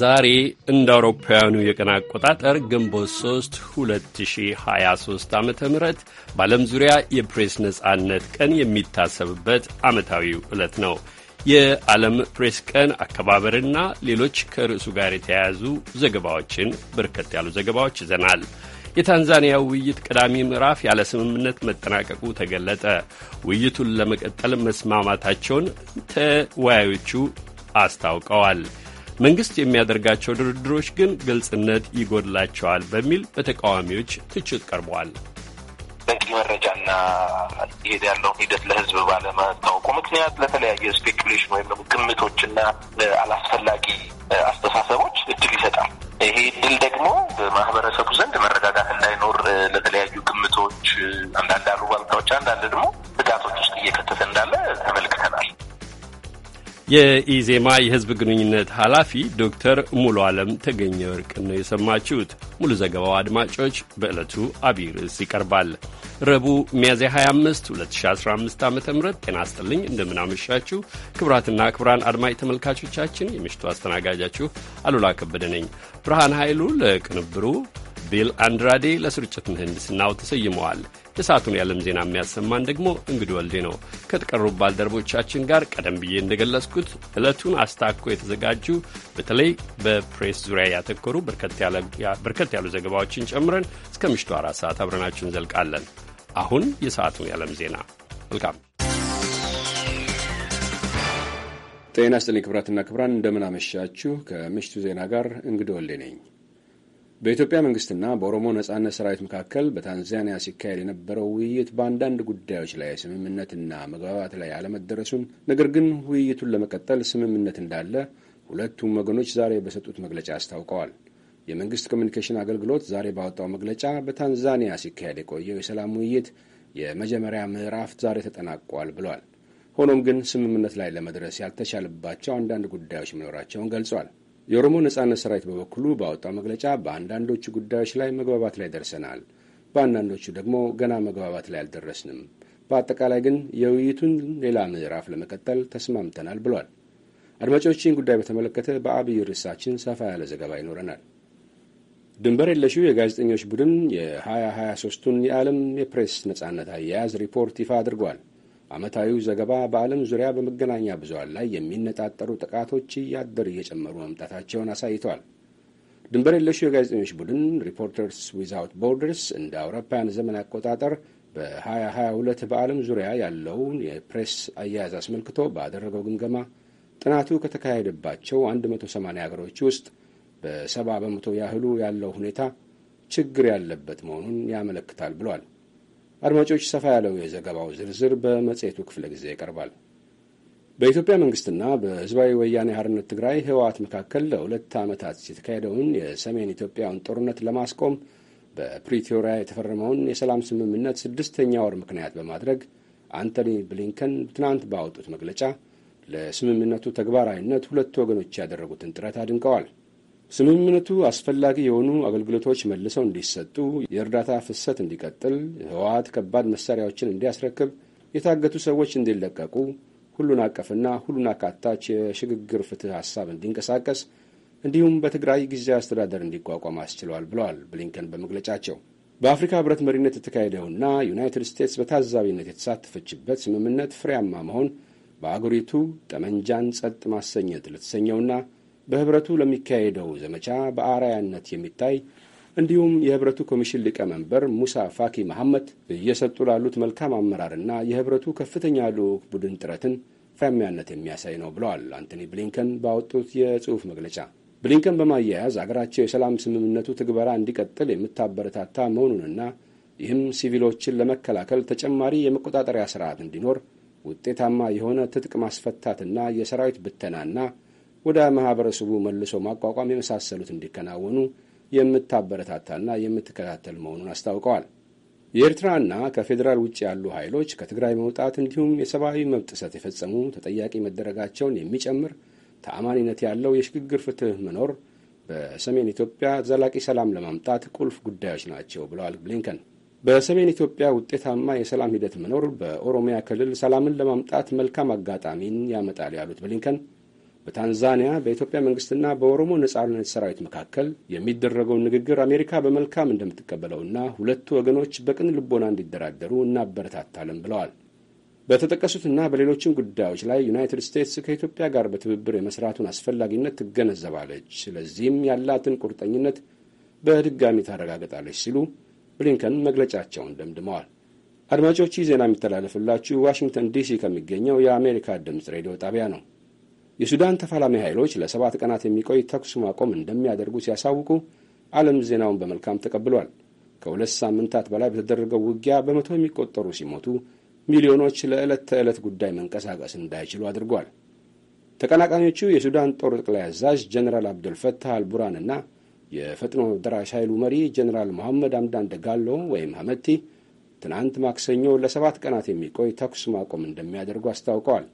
ዛሬ እንደ አውሮፓውያኑ የቀን አቆጣጠር ግንቦት 3 2023 ዓ ም በዓለም ዙሪያ የፕሬስ ነጻነት ቀን የሚታሰብበት ዓመታዊው ዕለት ነው። የዓለም ፕሬስ ቀን አከባበርና ሌሎች ከርዕሱ ጋር የተያያዙ ዘገባዎችን በርከት ያሉ ዘገባዎች ይዘናል። የታንዛኒያ ውይይት ቀዳሚ ምዕራፍ ያለ ስምምነት መጠናቀቁ ተገለጠ። ውይይቱን ለመቀጠል መስማማታቸውን ተወያዮቹ አስታውቀዋል። መንግስት የሚያደርጋቸው ድርድሮች ግን ግልጽነት ይጎድላቸዋል በሚል በተቃዋሚዎች ትችት ቀርበዋል። በቂ መረጃና ይሄድ ያለውን ሂደት ለህዝብ ባለመታወቁ ምክንያት ለተለያየ ስፔኩሌሽን ወይም ደግሞ ግምቶችና አላስፈላጊ አስተሳሰቦች እድል ይሰጣል። ይሄ እድል ደግሞ በማህበረሰቡ ዘንድ መረጋጋት እንዳይኖር ለተለያዩ ግምቶች፣ አንዳንድ አሉባልታዎች፣ አንዳንድ ደግሞ ስጋቶች ውስጥ እየከተተ እንዳለ ተመልክተናል። የኢዜማ የህዝብ ግንኙነት ኃላፊ ዶክተር ሙሉ ዓለም ተገኘ ወርቅ ነው የሰማችሁት። ሙሉ ዘገባው አድማጮች በዕለቱ አብይ ርዕስ ይቀርባል። ረቡዕ ሚያዝያ 25 2015 ዓ ም ጤና ይስጥልኝ። እንደምናመሻችሁ ክቡራትና ክቡራን አድማጭ ተመልካቾቻችን፣ የምሽቱ አስተናጋጃችሁ አሉላ ከበደ ነኝ። ብርሃን ኃይሉ ለቅንብሩ ቤል አንድራዴ ለስርጭት ምህንድስናው ተሰይመዋል። የሰዓቱን የዓለም ዜና የሚያሰማን ደግሞ እንግድ ወልዴ ነው። ከተቀሩ ባልደረቦቻችን ጋር ቀደም ብዬ እንደገለጽኩት ዕለቱን አስታኮ የተዘጋጁ በተለይ በፕሬስ ዙሪያ ያተኮሩ በርከት ያሉ ዘገባዎችን ጨምረን እስከ ምሽቱ አራት ሰዓት አብረናችሁ እንዘልቃለን። አሁን የሰዓቱን የዓለም ዜና መልካም ጤና ስጥልኝ ክብራትና ክብራን እንደምን አመሻችሁ። ከምሽቱ ዜና ጋር እንግዲህ ወልዴ ነኝ። በኢትዮጵያ መንግስትና በኦሮሞ ነጻነት ሰራዊት መካከል በታንዛኒያ ሲካሄድ የነበረው ውይይት በአንዳንድ ጉዳዮች ላይ ስምምነትና መግባባት ላይ አለመደረሱን፣ ነገር ግን ውይይቱን ለመቀጠል ስምምነት እንዳለ ሁለቱም ወገኖች ዛሬ በሰጡት መግለጫ አስታውቀዋል። የመንግስት ኮሚኒኬሽን አገልግሎት ዛሬ ባወጣው መግለጫ በታንዛኒያ ሲካሄድ የቆየው የሰላም ውይይት የመጀመሪያ ምዕራፍ ዛሬ ተጠናቋል ብሏል። ሆኖም ግን ስምምነት ላይ ለመድረስ ያልተቻለባቸው አንዳንድ ጉዳዮች መኖራቸውን ገልጿል። የኦሮሞ ነጻነት ሰራዊት በበኩሉ ባወጣው መግለጫ በአንዳንዶቹ ጉዳዮች ላይ መግባባት ላይ ደርሰናል፣ በአንዳንዶቹ ደግሞ ገና መግባባት ላይ አልደረስንም። በአጠቃላይ ግን የውይይቱን ሌላ ምዕራፍ ለመቀጠል ተስማምተናል ብሏል። አድማጮች፣ ጉዳይ በተመለከተ በአብይ ርዕሳችን ሰፋ ያለ ዘገባ ይኖረናል። ድንበር የለሹ የጋዜጠኞች ቡድን የ2023ቱን የዓለም የፕሬስ ነጻነት አያያዝ ሪፖርት ይፋ አድርጓል። ዓመታዊው ዘገባ በዓለም ዙሪያ በመገናኛ ብዙኃን ላይ የሚነጣጠሩ ጥቃቶች እያደር እየጨመሩ መምጣታቸውን አሳይተዋል። ድንበር የለሹ የጋዜጠኞች ቡድን ሪፖርተርስ ዊዛውት ቦርደርስ እንደ አውሮፓውያን ዘመን አቆጣጠር በ2022 በዓለም ዙሪያ ያለውን የፕሬስ አያያዝ አስመልክቶ ባደረገው ግምገማ ጥናቱ ከተካሄደባቸው 180 ሀገሮች ውስጥ በ በመቶ ያህሉ ያለው ሁኔታ ችግር ያለበት መሆኑን ያመለክታል ብሏል። አድማጮች፣ ሰፋ ያለው የዘገባው ዝርዝር በመጽሔቱ ክፍለ ጊዜ ይቀርባል። በኢትዮጵያ መንግስትና በህዝባዊ ወያኔ ሀርነት ትግራይ ህወሓት መካከል ለሁለት ዓመታት የተካሄደውን የሰሜን ኢትዮጵያውን ጦርነት ለማስቆም በፕሪቶሪያ የተፈረመውን የሰላም ስምምነት ስድስተኛ ወር ምክንያት በማድረግ አንቶኒ ብሊንከን ትናንት ባወጡት መግለጫ ለስምምነቱ ተግባራዊነት ሁለቱ ወገኖች ያደረጉትን ጥረት አድንቀዋል። ስምምነቱ አስፈላጊ የሆኑ አገልግሎቶች መልሰው እንዲሰጡ፣ የእርዳታ ፍሰት እንዲቀጥል፣ ህወሓት ከባድ መሳሪያዎችን እንዲያስረክብ፣ የታገቱ ሰዎች እንዲለቀቁ፣ ሁሉን አቀፍና ሁሉን አካታች የሽግግር ፍትህ ሀሳብ እንዲንቀሳቀስ እንዲሁም በትግራይ ጊዜያዊ አስተዳደር እንዲቋቋም አስችለዋል ብለዋል ብሊንከን በመግለጫቸው። በአፍሪካ ህብረት መሪነት የተካሄደውና ዩናይትድ ስቴትስ በታዛቢነት የተሳተፈችበት ስምምነት ፍሬያማ መሆን በአገሪቱ ጠመንጃን ጸጥ ማሰኘት ለተሰኘውና በህብረቱ ለሚካሄደው ዘመቻ በአራያነት የሚታይ እንዲሁም የህብረቱ ኮሚሽን ሊቀመንበር ሙሳ ፋኪ መሐመድ እየሰጡ ላሉት መልካም አመራርና የህብረቱ ከፍተኛ ልዑክ ቡድን ጥረትን ፍሬያማነት የሚያሳይ ነው ብለዋል አንቶኒ ብሊንከን ባወጡት የጽሑፍ መግለጫ። ብሊንከን በማያያዝ አገራቸው የሰላም ስምምነቱ ትግበራ እንዲቀጥል የምታበረታታ መሆኑንና ይህም ሲቪሎችን ለመከላከል ተጨማሪ የመቆጣጠሪያ ስርዓት እንዲኖር ውጤታማ የሆነ ትጥቅ ማስፈታትና የሰራዊት ብተናና ወደ ማህበረሰቡ መልሶ ማቋቋም የመሳሰሉት እንዲከናወኑ የምታበረታታና የምትከታተል መሆኑን አስታውቀዋል። የኤርትራና ከፌዴራል ውጭ ያሉ ኃይሎች ከትግራይ መውጣት እንዲሁም የሰብአዊ መብት ጥሰት የፈጸሙ ተጠያቂ መደረጋቸውን የሚጨምር ተአማኒነት ያለው የሽግግር ፍትህ መኖር በሰሜን ኢትዮጵያ ዘላቂ ሰላም ለማምጣት ቁልፍ ጉዳዮች ናቸው ብለዋል ብሊንከን። በሰሜን ኢትዮጵያ ውጤታማ የሰላም ሂደት መኖር በኦሮሚያ ክልል ሰላምን ለማምጣት መልካም አጋጣሚን ያመጣል ያሉት ብሊንከን በታንዛኒያ በኢትዮጵያ መንግስትና በኦሮሞ ነጻነት ሰራዊት መካከል የሚደረገውን ንግግር አሜሪካ በመልካም እንደምትቀበለውና ሁለቱ ወገኖች በቅን ልቦና እንዲደራደሩ እናበረታታለን ብለዋል። በተጠቀሱትና በሌሎችም ጉዳዮች ላይ ዩናይትድ ስቴትስ ከኢትዮጵያ ጋር በትብብር የመስራቱን አስፈላጊነት ትገነዘባለች፣ ስለዚህም ያላትን ቁርጠኝነት በድጋሚ ታረጋግጣለች ሲሉ ብሊንከን መግለጫቸውን ደምድመዋል። አድማጮች፣ ዜና የሚተላለፍላችሁ ዋሽንግተን ዲሲ ከሚገኘው የአሜሪካ ድምፅ ሬዲዮ ጣቢያ ነው። የሱዳን ተፋላሚ ኃይሎች ለሰባት ቀናት የሚቆይ ተኩስ ማቆም እንደሚያደርጉ ሲያሳውቁ ዓለም ዜናውን በመልካም ተቀብሏል። ከሁለት ሳምንታት በላይ በተደረገው ውጊያ በመቶ የሚቆጠሩ ሲሞቱ ሚሊዮኖች ለዕለት ተዕለት ጉዳይ መንቀሳቀስ እንዳይችሉ አድርጓል። ተቀናቃኞቹ የሱዳን ጦር ጠቅላይ አዛዥ ጀኔራል አብዱልፈታህ አልቡራን እና የፈጥኖ ደራሽ ኃይሉ መሪ ጀኔራል መሐመድ አምዳን ደጋሎ ወይም ሀመቲ ትናንት ማክሰኞ ለሰባት ቀናት የሚቆይ ተኩስ ማቆም እንደሚያደርጉ አስታውቀዋል።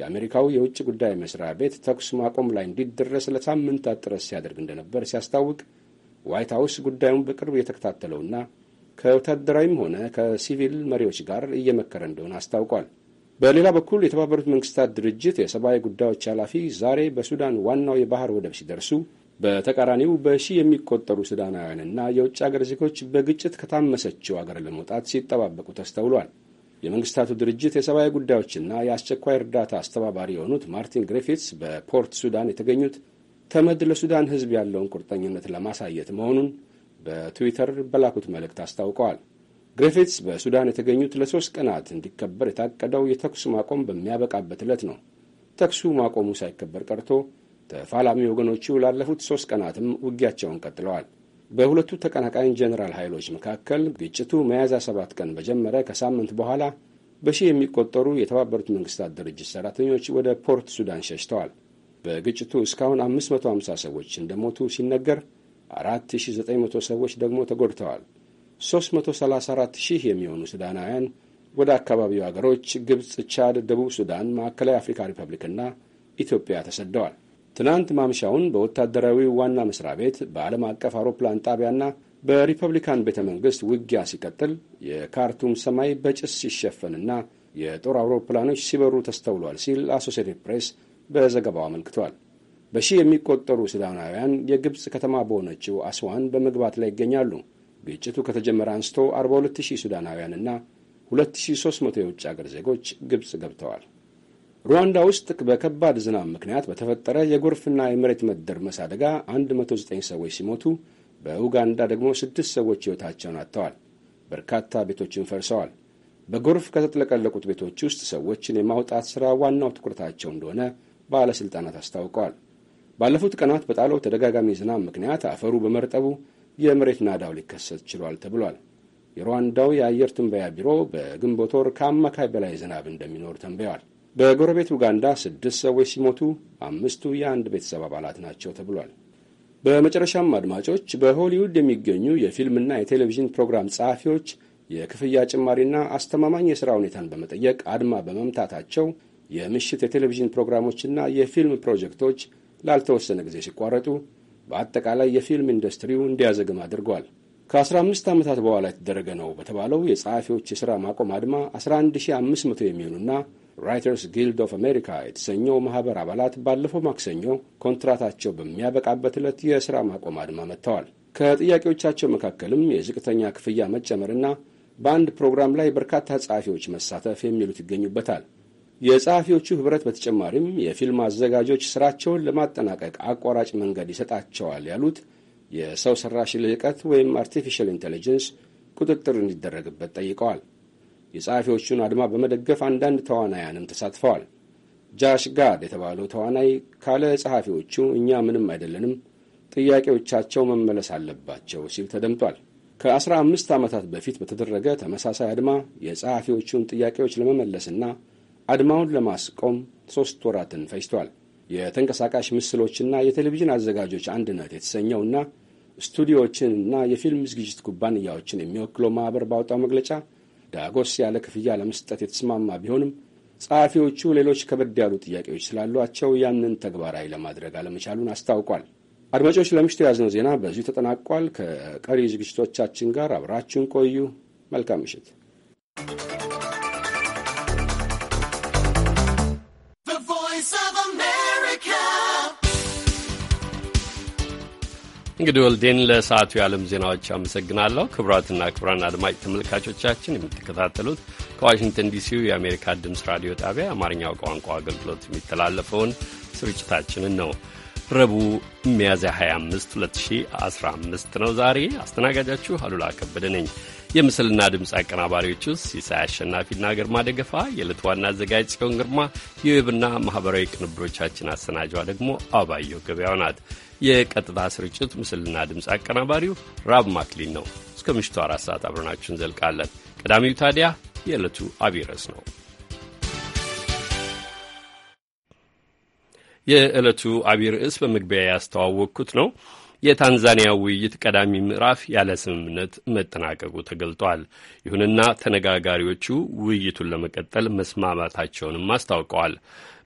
የአሜሪካው የውጭ ጉዳይ መስሪያ ቤት ተኩስ ማቆም ላይ እንዲደረስ ለሳምንታት ጥረት ሲያደርግ እንደነበር ሲያስታውቅ ዋይት ሀውስ ጉዳዩን በቅርብ የተከታተለውና ከወታደራዊም ሆነ ከሲቪል መሪዎች ጋር እየመከረ እንደሆነ አስታውቋል። በሌላ በኩል የተባበሩት መንግስታት ድርጅት የሰብአዊ ጉዳዮች ኃላፊ ዛሬ በሱዳን ዋናው የባህር ወደብ ሲደርሱ በተቃራኒው በሺ የሚቆጠሩ ሱዳናውያንና የውጭ አገር ዜጎች በግጭት ከታመሰችው አገር ለመውጣት ሲጠባበቁ ተስተውሏል። የመንግስታቱ ድርጅት የሰብአዊ ጉዳዮችና የአስቸኳይ እርዳታ አስተባባሪ የሆኑት ማርቲን ግሪፊትስ በፖርት ሱዳን የተገኙት ተመድ ለሱዳን ሕዝብ ያለውን ቁርጠኝነት ለማሳየት መሆኑን በትዊተር በላኩት መልእክት አስታውቀዋል። ግሪፊትስ በሱዳን የተገኙት ለሶስት ቀናት እንዲከበር የታቀደው የተኩስ ማቆም በሚያበቃበት ዕለት ነው። ተኩሱ ማቆሙ ሳይከበር ቀርቶ ተፋላሚ ወገኖቹ ላለፉት ሶስት ቀናትም ውጊያቸውን ቀጥለዋል። በሁለቱ ተቀናቃኝ ጀኔራል ኃይሎች መካከል ግጭቱ መያዛ ሰባት ቀን በጀመረ ከሳምንት በኋላ በሺህ የሚቆጠሩ የተባበሩት መንግስታት ድርጅት ሠራተኞች ወደ ፖርት ሱዳን ሸሽተዋል። በግጭቱ እስካሁን 550 ሰዎች እንደሞቱ ሲነገር 4900 ሰዎች ደግሞ ተጎድተዋል። 334 ሺህ የሚሆኑ ሱዳናውያን ወደ አካባቢው አገሮች ግብፅ፣ ቻድ፣ ደቡብ ሱዳን፣ ማዕከላዊ አፍሪካ ሪፐብሊክና ኢትዮጵያ ተሰደዋል። ትናንት ማምሻውን በወታደራዊ ዋና መስሪያ ቤት በዓለም አቀፍ አውሮፕላን ጣቢያና በሪፐብሊካን ቤተ መንግሥት ውጊያ ሲቀጥል የካርቱም ሰማይ በጭስ ሲሸፈንና የጦር አውሮፕላኖች ሲበሩ ተስተውሏል ሲል አሶሴትድ ፕሬስ በዘገባው አመልክቷል። በሺህ የሚቆጠሩ ሱዳናውያን የግብፅ ከተማ በሆነችው አስዋን በመግባት ላይ ይገኛሉ። ግጭቱ ከተጀመረ አንስቶ 42000 ሱዳናውያንና 2300 የውጭ አገር ዜጎች ግብፅ ገብተዋል። ሩዋንዳ ውስጥ በከባድ ዝናብ ምክንያት በተፈጠረ የጎርፍና የመሬት መደርመስ አደጋ 109 ሰዎች ሲሞቱ በኡጋንዳ ደግሞ ስድስት ሰዎች ሕይወታቸውን አጥተዋል። በርካታ ቤቶችን ፈርሰዋል። በጎርፍ ከተጥለቀለቁት ቤቶች ውስጥ ሰዎችን የማውጣት ሥራ ዋናው ትኩረታቸው እንደሆነ ባለሥልጣናት አስታውቀዋል። ባለፉት ቀናት በጣለው ተደጋጋሚ ዝናብ ምክንያት አፈሩ በመርጠቡ የመሬት ናዳው ሊከሰት ችሏል ተብሏል። የሩዋንዳው የአየር ትንበያ ቢሮ በግንቦት ወር ከአማካይ በላይ ዝናብ እንደሚኖር ተንብየዋል። በጎረቤት ኡጋንዳ ስድስት ሰዎች ሲሞቱ አምስቱ የአንድ ቤተሰብ አባላት ናቸው ተብሏል። በመጨረሻም አድማጮች በሆሊውድ የሚገኙ የፊልምና የቴሌቪዥን ፕሮግራም ጸሐፊዎች የክፍያ ጭማሪና አስተማማኝ የሥራ ሁኔታን በመጠየቅ አድማ በመምታታቸው የምሽት የቴሌቪዥን ፕሮግራሞችና የፊልም ፕሮጀክቶች ላልተወሰነ ጊዜ ሲቋረጡ በአጠቃላይ የፊልም ኢንዱስትሪው እንዲያዘግም አድርጓል። ከ15 ዓመታት በኋላ የተደረገ ነው በተባለው የጸሐፊዎች የሥራ ማቆም አድማ 11500 የሚሆኑና ራይተርስ ጊልድ ኦፍ አሜሪካ የተሰኘው ማህበር አባላት ባለፈው ማክሰኞ ኮንትራታቸው በሚያበቃበት ዕለት የሥራ ማቆም አድማ መጥተዋል። ከጥያቄዎቻቸው መካከልም የዝቅተኛ ክፍያ መጨመርና በአንድ ፕሮግራም ላይ በርካታ ጸሐፊዎች መሳተፍ የሚሉት ይገኙበታል። የጸሐፊዎቹ ኅብረት በተጨማሪም የፊልም አዘጋጆች ሥራቸውን ለማጠናቀቅ አቋራጭ መንገድ ይሰጣቸዋል ያሉት የሰው ሠራሽ ልዕቀት ወይም አርቲፊሻል ኢንቴሊጀንስ ቁጥጥር እንዲደረግበት ጠይቀዋል። የጸሐፊዎቹን አድማ በመደገፍ አንዳንድ ተዋናያንም ተሳትፈዋል። ጃሽ ጋድ የተባለው ተዋናይ ካለ ጸሐፊዎቹ እኛ ምንም አይደለንም፣ ጥያቄዎቻቸው መመለስ አለባቸው ሲል ተደምጧል። ከአስራ አምስት ዓመታት በፊት በተደረገ ተመሳሳይ አድማ የጸሐፊዎቹን ጥያቄዎች ለመመለስና አድማውን ለማስቆም ሦስት ወራትን ፈጅቷል። የተንቀሳቃሽ ምስሎችና የቴሌቪዥን አዘጋጆች አንድነት የተሰኘውና ስቱዲዮዎችንና የፊልም ዝግጅት ኩባንያዎችን የሚወክለው ማኅበር ባወጣው መግለጫ ዳጎስ ያለ ክፍያ ለመስጠት የተስማማ ቢሆንም ጸሐፊዎቹ ሌሎች ከበድ ያሉ ጥያቄዎች ስላሏቸው ያንን ተግባራዊ ለማድረግ አለመቻሉን አስታውቋል። አድማጮች፣ ለምሽቱ የያዝነው ዜና በዚሁ ተጠናቋል። ከቀሪ ዝግጅቶቻችን ጋር አብራችሁን ቆዩ። መልካም ምሽት። እንግዲህ ወልዴን ለሰዓቱ የዓለም ዜናዎች አመሰግናለሁ። ክቡራትና ክቡራን አድማጭ ተመልካቾቻችን የምትከታተሉት ከዋሽንግተን ዲሲው የአሜሪካ ድምፅ ራዲዮ ጣቢያ የአማርኛው ቋንቋ አገልግሎት የሚተላለፈውን ስርጭታችንን ነው። ረቡዕ ሚያዝያ 25 2015 ነው። ዛሬ አስተናጋጃችሁ አሉላ ከበደ ነኝ። የምስልና ድምፅ አቀናባሪዎች ውስጥ ሲሳይ አሸናፊና ግርማ ደገፋ፣ የዕለት ዋና አዘጋጅ ጽዮን ግርማ፣ የዌብና ማኅበራዊ ቅንብሮቻችን አሰናጇ ደግሞ አባየሁ ገበያው ናት። የቀጥታ ስርጭት ምስልና ድምፅ አቀናባሪው ራብ ማክሊን ነው። እስከ ምሽቱ አራት ሰዓት አብረናችሁ እንዘልቃለን። ቀዳሚው ታዲያ የዕለቱ አብይ ርዕስ ነው። የዕለቱ አብይ ርዕስ በመግቢያ ያስተዋወቅኩት ነው። የታንዛኒያ ውይይት ቀዳሚ ምዕራፍ ያለ ስምምነት መጠናቀቁ ተገልጧል። ይሁንና ተነጋጋሪዎቹ ውይይቱን ለመቀጠል መስማማታቸውንም አስታውቀዋል።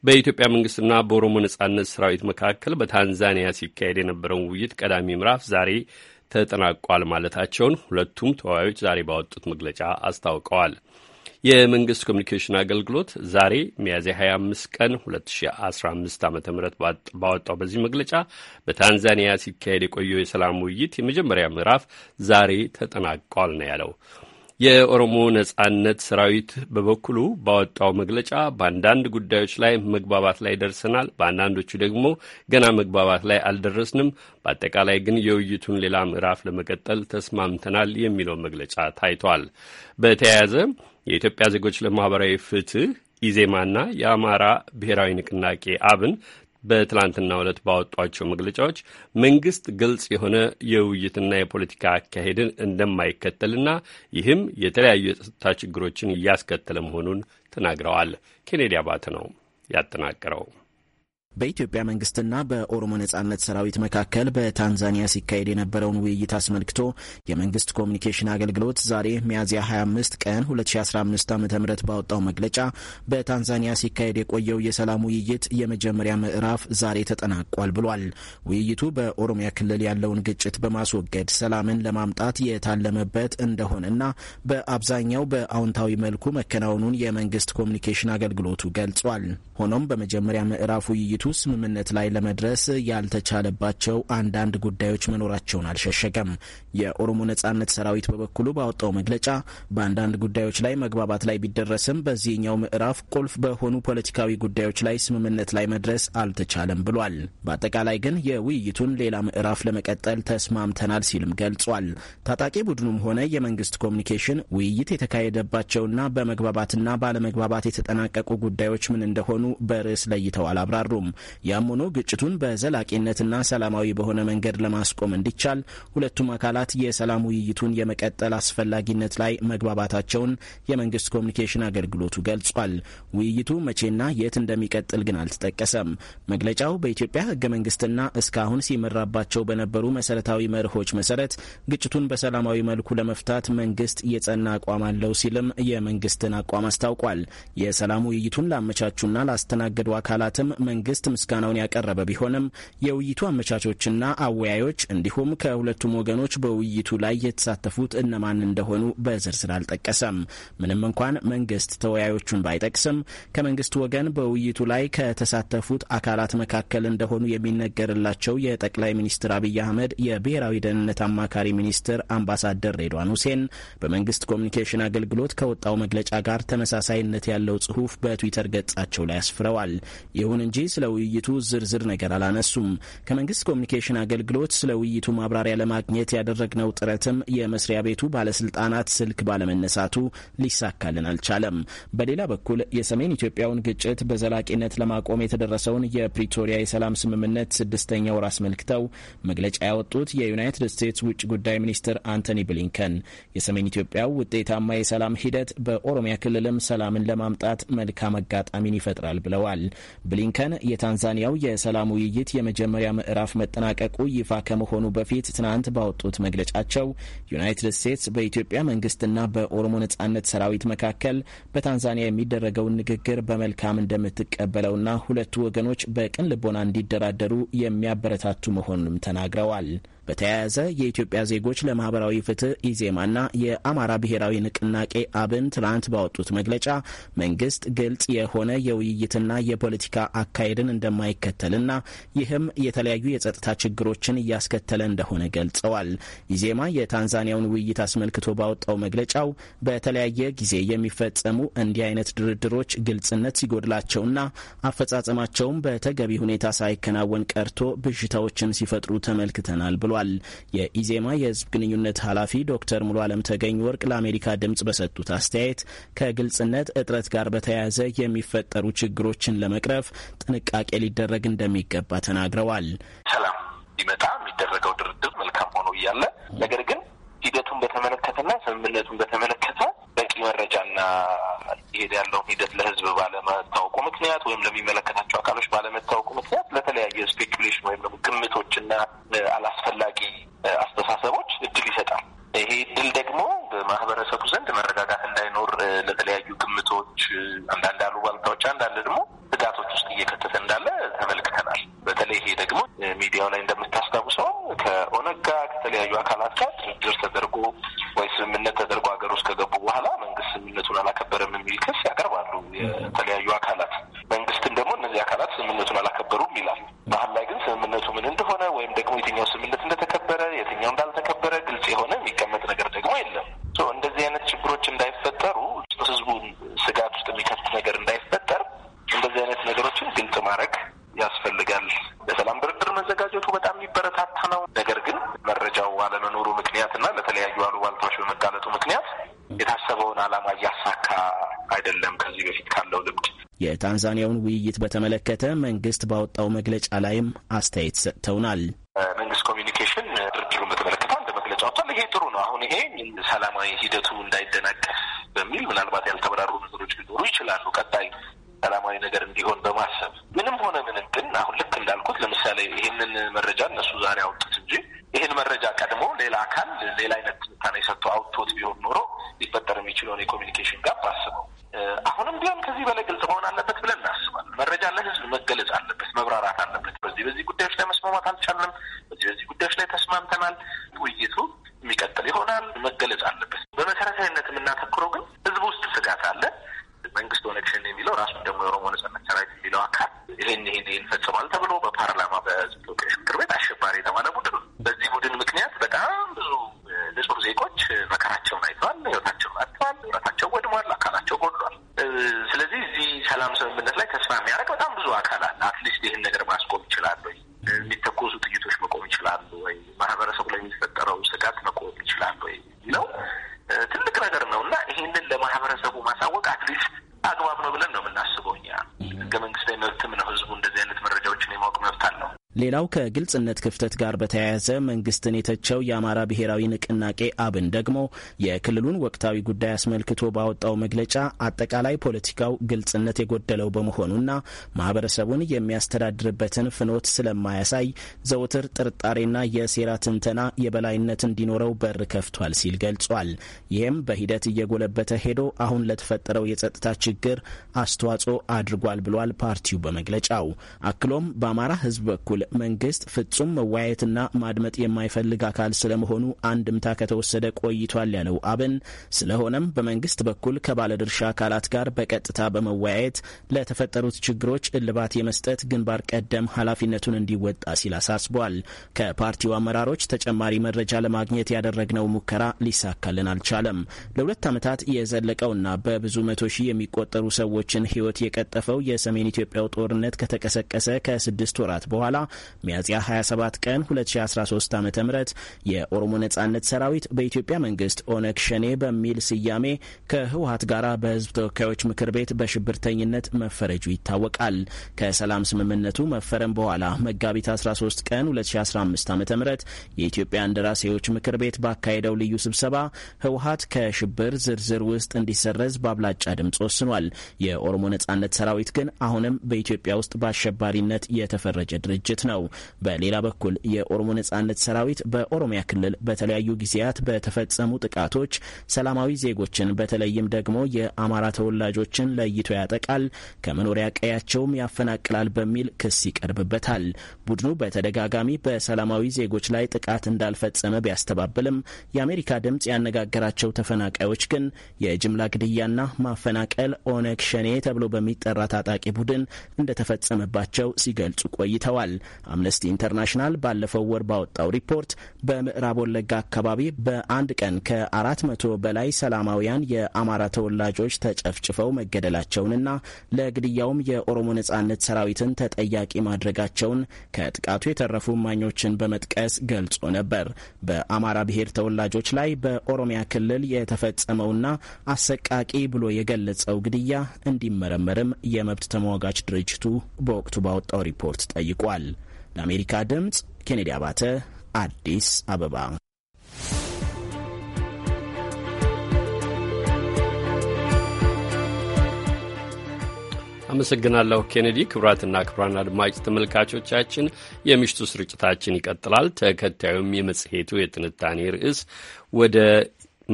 በኢትዮጵያ መንግስትና በኦሮሞ ነጻነት ሰራዊት መካከል በታንዛኒያ ሲካሄድ የነበረውን ውይይት ቀዳሚ ምዕራፍ ዛሬ ተጠናቋል ማለታቸውን ሁለቱም ተወያዮች ዛሬ ባወጡት መግለጫ አስታውቀዋል። የመንግስት ኮሚኒኬሽን አገልግሎት ዛሬ ሚያዝያ 25 ቀን 2015 ዓ ም ባወጣው በዚህ መግለጫ በታንዛኒያ ሲካሄድ የቆየው የሰላም ውይይት የመጀመሪያ ምዕራፍ ዛሬ ተጠናቋል ነው ያለው። የኦሮሞ ነጻነት ሰራዊት በበኩሉ ባወጣው መግለጫ በአንዳንድ ጉዳዮች ላይ መግባባት ላይ ደርሰናል፣ በአንዳንዶቹ ደግሞ ገና መግባባት ላይ አልደረስንም፣ በአጠቃላይ ግን የውይይቱን ሌላ ምዕራፍ ለመቀጠል ተስማምተናል የሚለው መግለጫ ታይቷል። በተያያዘ የኢትዮጵያ ዜጎች ለማህበራዊ ፍትህ ኢዜማና የአማራ ብሔራዊ ንቅናቄ አብን በትላንትና ዕለት ባወጧቸው መግለጫዎች መንግስት ግልጽ የሆነ የውይይትና የፖለቲካ አካሄድን እንደማይከተልና ይህም የተለያዩ የጸጥታ ችግሮችን እያስከተለ መሆኑን ተናግረዋል። ኬኔዲ አባተ ነው ያጠናቀረው። በኢትዮጵያ መንግስትና በኦሮሞ ነጻነት ሰራዊት መካከል በታንዛኒያ ሲካሄድ የነበረውን ውይይት አስመልክቶ የመንግስት ኮሚኒኬሽን አገልግሎት ዛሬ ሚያዝያ 25 ቀን 2015 ዓ ም ባወጣው መግለጫ በታንዛኒያ ሲካሄድ የቆየው የሰላም ውይይት የመጀመሪያ ምዕራፍ ዛሬ ተጠናቋል ብሏል። ውይይቱ በኦሮሚያ ክልል ያለውን ግጭት በማስወገድ ሰላምን ለማምጣት የታለመበት እንደሆነና በአብዛኛው በአዎንታዊ መልኩ መከናወኑን የመንግስት ኮሚኒኬሽን አገልግሎቱ ገልጿል። ሆኖም በመጀመሪያ ምዕራፍ ውይይቱ ስምምነት ላይ ለመድረስ ያልተቻለባቸው አንዳንድ ጉዳዮች መኖራቸውን አልሸሸገም። የኦሮሞ ነጻነት ሰራዊት በበኩሉ ባወጣው መግለጫ በአንዳንድ ጉዳዮች ላይ መግባባት ላይ ቢደረስም በዚህኛው ምዕራፍ ቁልፍ በሆኑ ፖለቲካዊ ጉዳዮች ላይ ስምምነት ላይ መድረስ አልተቻለም ብሏል። በአጠቃላይ ግን የውይይቱን ሌላ ምዕራፍ ለመቀጠል ተስማምተናል ሲልም ገልጿል። ታጣቂ ቡድኑም ሆነ የመንግስት ኮሚኒኬሽን ውይይት የተካሄደባቸውና በመግባባትና ባለመግባባት የተጠናቀቁ ጉዳዮች ምን እንደሆኑ በርዕስ ለይተው አላብራሩም። ያም ሆኖ ግጭቱን በዘላቂነትና ሰላማዊ በሆነ መንገድ ለማስቆም እንዲቻል ሁለቱም አካላት የሰላም ውይይቱን የመቀጠል አስፈላጊነት ላይ መግባባታቸውን የመንግስት ኮሚኒኬሽን አገልግሎቱ ገልጿል። ውይይቱ መቼና የት እንደሚቀጥል ግን አልተጠቀሰም። መግለጫው በኢትዮጵያ ህገ መንግስትና እስካሁን ሲመራባቸው በነበሩ መሰረታዊ መርሆች መሰረት ግጭቱን በሰላማዊ መልኩ ለመፍታት መንግስት የጸና አቋም አለው ሲልም የመንግስትን አቋም አስታውቋል። የሰላም ውይይቱን ላመቻቹና ላስተናገዱ አካላትም መንግስት ምስጋናውን ያቀረበ ቢሆንም የውይይቱ አመቻቾችና አወያዮች እንዲሁም ከሁለቱም ወገኖች በውይይቱ ላይ የተሳተፉት እነማን እንደሆኑ በዝርዝር አልጠቀሰም። ምንም እንኳን መንግስት ተወያዮቹን ባይጠቅስም ከመንግስት ወገን በውይይቱ ላይ ከተሳተፉት አካላት መካከል እንደሆኑ የሚነገርላቸው የጠቅላይ ሚኒስትር አብይ አህመድ የብሔራዊ ደህንነት አማካሪ ሚኒስትር አምባሳደር ሬድዋን ሁሴን በመንግስት ኮሚኒኬሽን አገልግሎት ከወጣው መግለጫ ጋር ተመሳሳይነት ያለው ጽሁፍ በትዊተር ገጻቸው ላይ አስፍረዋል። ይሁን እንጂ ስለ ውይይቱ ዝርዝር ነገር አላነሱም። ከመንግስት ኮሚኒኬሽን አገልግሎት ስለ ውይይቱ ማብራሪያ ለማግኘት ያደረግነው ጥረትም የመስሪያ ቤቱ ባለስልጣናት ስልክ ባለመነሳቱ ሊሳካልን አልቻለም። በሌላ በኩል የሰሜን ኢትዮጵያውን ግጭት በዘላቂነት ለማቆም የተደረሰውን የፕሪቶሪያ የሰላም ስምምነት ስድስተኛ ወር አስመልክተው መግለጫ ያወጡት የዩናይትድ ስቴትስ ውጭ ጉዳይ ሚኒስትር አንቶኒ ብሊንከን የሰሜን ኢትዮጵያው ውጤታማ የሰላም ሂደት በኦሮሚያ ክልልም ሰላምን ለማምጣት መልካም አጋጣሚን ይፈጥራል ይችላል ብለዋል። ብሊንከን የታንዛኒያው የሰላም ውይይት የመጀመሪያ ምዕራፍ መጠናቀቁ ይፋ ከመሆኑ በፊት ትናንት ባወጡት መግለጫቸው ዩናይትድ ስቴትስ በኢትዮጵያ መንግስትና በኦሮሞ ነጻነት ሰራዊት መካከል በታንዛኒያ የሚደረገውን ንግግር በመልካም እንደምትቀበለውና ሁለቱ ወገኖች በቅን ልቦና እንዲደራደሩ የሚያበረታቱ መሆኑንም ተናግረዋል። በተያያዘ የኢትዮጵያ ዜጎች ለማህበራዊ ፍትህ ኢዜማና የአማራ ብሔራዊ ንቅናቄ አብን ትላንት ባወጡት መግለጫ መንግስት ግልጽ የሆነ የውይይትና የፖለቲካ አካሄድን እንደማይከተልና ይህም የተለያዩ የጸጥታ ችግሮችን እያስከተለ እንደሆነ ገልጸዋል። ኢዜማ የታንዛኒያውን ውይይት አስመልክቶ ባወጣው መግለጫው በተለያየ ጊዜ የሚፈጸሙ እንዲህ አይነት ድርድሮች ግልጽነት ሲጎድላቸውና አፈጻጸማቸውም በተገቢ ሁኔታ ሳይከናወን ቀርቶ ብዥታዎችን ሲፈጥሩ ተመልክተናል ብሏል። ብለዋል። የኢዜማ የህዝብ ግንኙነት ኃላፊ ዶክተር ሙሉ አለም ተገኝ ወርቅ ለአሜሪካ ድምጽ በሰጡት አስተያየት ከግልጽነት እጥረት ጋር በተያያዘ የሚፈጠሩ ችግሮችን ለመቅረፍ ጥንቃቄ ሊደረግ እንደሚገባ ተናግረዋል። ሰላም ቢመጣ የሚደረገው ድርድር መልካም ሆኖ እያለ ነገር ግን ሂደቱን በተመለከተና ስምምነቱን በተመለከተ መረጃና እየሄደ ያለው ሂደት ለህዝብ ባለመታወቁ ምክንያት ወይም ለሚመለከታቸው አካሎች ባለመታወቁ ምክንያት ለተለያየ ስፔኩሌሽን ወይም ደግሞ ግምቶችና አላስፈላጊ አስተሳሰቦች እድል ይሰጣል። ይሄ እድል ደግሞ በማህበረሰቡ ዘንድ መረጋጋት እንዳይኖር ለተለያዩ ግምቶች፣ አንዳንድ አሉባልታዎች፣ አንዳንድ ደግሞ ስጋቶች ውስጥ እየከተተ እንዳለ ተመልክተናል። በተለይ ይሄ ደግሞ ሚዲያው ላይ እንደምታስታውሰው ከኦነግ ጋር ከተለያዩ አካላት ጋር ድርድር ተደርጎ ወይ ስምምነት ተደርጎ ስምምነቱን አላከበረም የሚል ክስ ያቀርባሉ የተለያዩ አካላት። መንግስትን ደግሞ እነዚህ አካላት ስምምነቱን አላከበሩም ይላል። መሀል ላይ ግን ስምምነቱ ምን እንደሆነ ወይም ደግሞ የትኛው ስምምነት የታንዛኒያውን ውይይት በተመለከተ መንግስት ባወጣው መግለጫ ላይም አስተያየት ሰጥተውናል። ሌላው ከግልጽነት ክፍተት ጋር በተያያዘ መንግስትን የተቸው የአማራ ብሔራዊ ንቅናቄ አብን ደግሞ የክልሉን ወቅታዊ ጉዳይ አስመልክቶ ባወጣው መግለጫ አጠቃላይ ፖለቲካው ግልጽነት የጎደለው በመሆኑና ማህበረሰቡን የሚያስተዳድርበትን ፍኖት ስለማያሳይ ዘውትር ጥርጣሬና የሴራ ትንተና የበላይነት እንዲኖረው በር ከፍቷል ሲል ገልጿል። ይህም በሂደት እየጎለበተ ሄዶ አሁን ለተፈጠረው የጸጥታ ችግር አስተዋጽኦ አድርጓል ብሏል ፓርቲው በመግለጫው አክሎም በአማራ ህዝብ በኩል መንግስት ፍጹም መወያየትና ማድመጥ የማይፈልግ አካል ስለመሆኑ አንድምታ ከተወሰደ ቆይቷል ያለው አብን፣ ስለሆነም በመንግስት በኩል ከባለድርሻ አካላት ጋር በቀጥታ በመወያየት ለተፈጠሩት ችግሮች እልባት የመስጠት ግንባር ቀደም ኃላፊነቱን እንዲወጣ ሲል አሳስቧል። ከፓርቲው አመራሮች ተጨማሪ መረጃ ለማግኘት ያደረግነው ሙከራ ሊሳካልን አልቻለም። ለሁለት ዓመታት የዘለቀውና በብዙ መቶ ሺህ የሚቆጠሩ ሰዎችን ህይወት የቀጠፈው የሰሜን ኢትዮጵያው ጦርነት ከተቀሰቀሰ ከስድስት ወራት በኋላ ሚያዝያ 27 ቀን 2013 ዓ ም የኦሮሞ ነጻነት ሰራዊት በኢትዮጵያ መንግስት ኦነግ ሸኔ በሚል ስያሜ ከህወሀት ጋር በህዝብ ተወካዮች ምክር ቤት በሽብርተኝነት መፈረጁ ይታወቃል። ከሰላም ስምምነቱ መፈረም በኋላ መጋቢት 13 ቀን 2015 ዓ ም የኢትዮጵያ እንደራሴዎች ምክር ቤት ባካሄደው ልዩ ስብሰባ ህወሀት ከሽብር ዝርዝር ውስጥ እንዲሰረዝ በአብላጫ ድምፅ ወስኗል። የኦሮሞ ነጻነት ሰራዊት ግን አሁንም በኢትዮጵያ ውስጥ በአሸባሪነት የተፈረጀ ድርጅት ነው። በሌላ በኩል የኦሮሞ ነጻነት ሰራዊት በኦሮሚያ ክልል በተለያዩ ጊዜያት በተፈጸሙ ጥቃቶች ሰላማዊ ዜጎችን በተለይም ደግሞ የአማራ ተወላጆችን ለይቶ ያጠቃል፣ ከመኖሪያ ቀያቸውም ያፈናቅላል በሚል ክስ ይቀርብበታል። ቡድኑ በተደጋጋሚ በሰላማዊ ዜጎች ላይ ጥቃት እንዳልፈጸመ ቢያስተባብልም የአሜሪካ ድምጽ ያነጋገራቸው ተፈናቃዮች ግን የጅምላ ግድያና ማፈናቀል ኦነግ ሸኔ ተብሎ በሚጠራ ታጣቂ ቡድን እንደተፈጸመባቸው ሲገልጹ ቆይተዋል። አምነስቲ ኢንተርናሽናል ባለፈው ወር ባወጣው ሪፖርት በምዕራብ ወለጋ አካባቢ በአንድ ቀን ከአራት መቶ በላይ ሰላማውያን የአማራ ተወላጆች ተጨፍጭፈው መገደላቸውንና ለግድያውም የኦሮሞ ነጻነት ሰራዊትን ተጠያቂ ማድረጋቸውን ከጥቃቱ የተረፉ እማኞችን በመጥቀስ ገልጾ ነበር። በአማራ ብሔር ተወላጆች ላይ በኦሮሚያ ክልል የተፈጸመውና አሰቃቂ ብሎ የገለጸው ግድያ እንዲመረመርም የመብት ተሟጋች ድርጅቱ በወቅቱ ባወጣው ሪፖርት ጠይቋል። ለአሜሪካ ድምፅ ኬኔዲ አባተ አዲስ አበባ። አመሰግናለሁ ኬኔዲ። ክቡራትና ክቡራን አድማጭ ተመልካቾቻችን የምሽቱ ስርጭታችን ይቀጥላል። ተከታዩም የመጽሔቱ የትንታኔ ርዕስ ወደ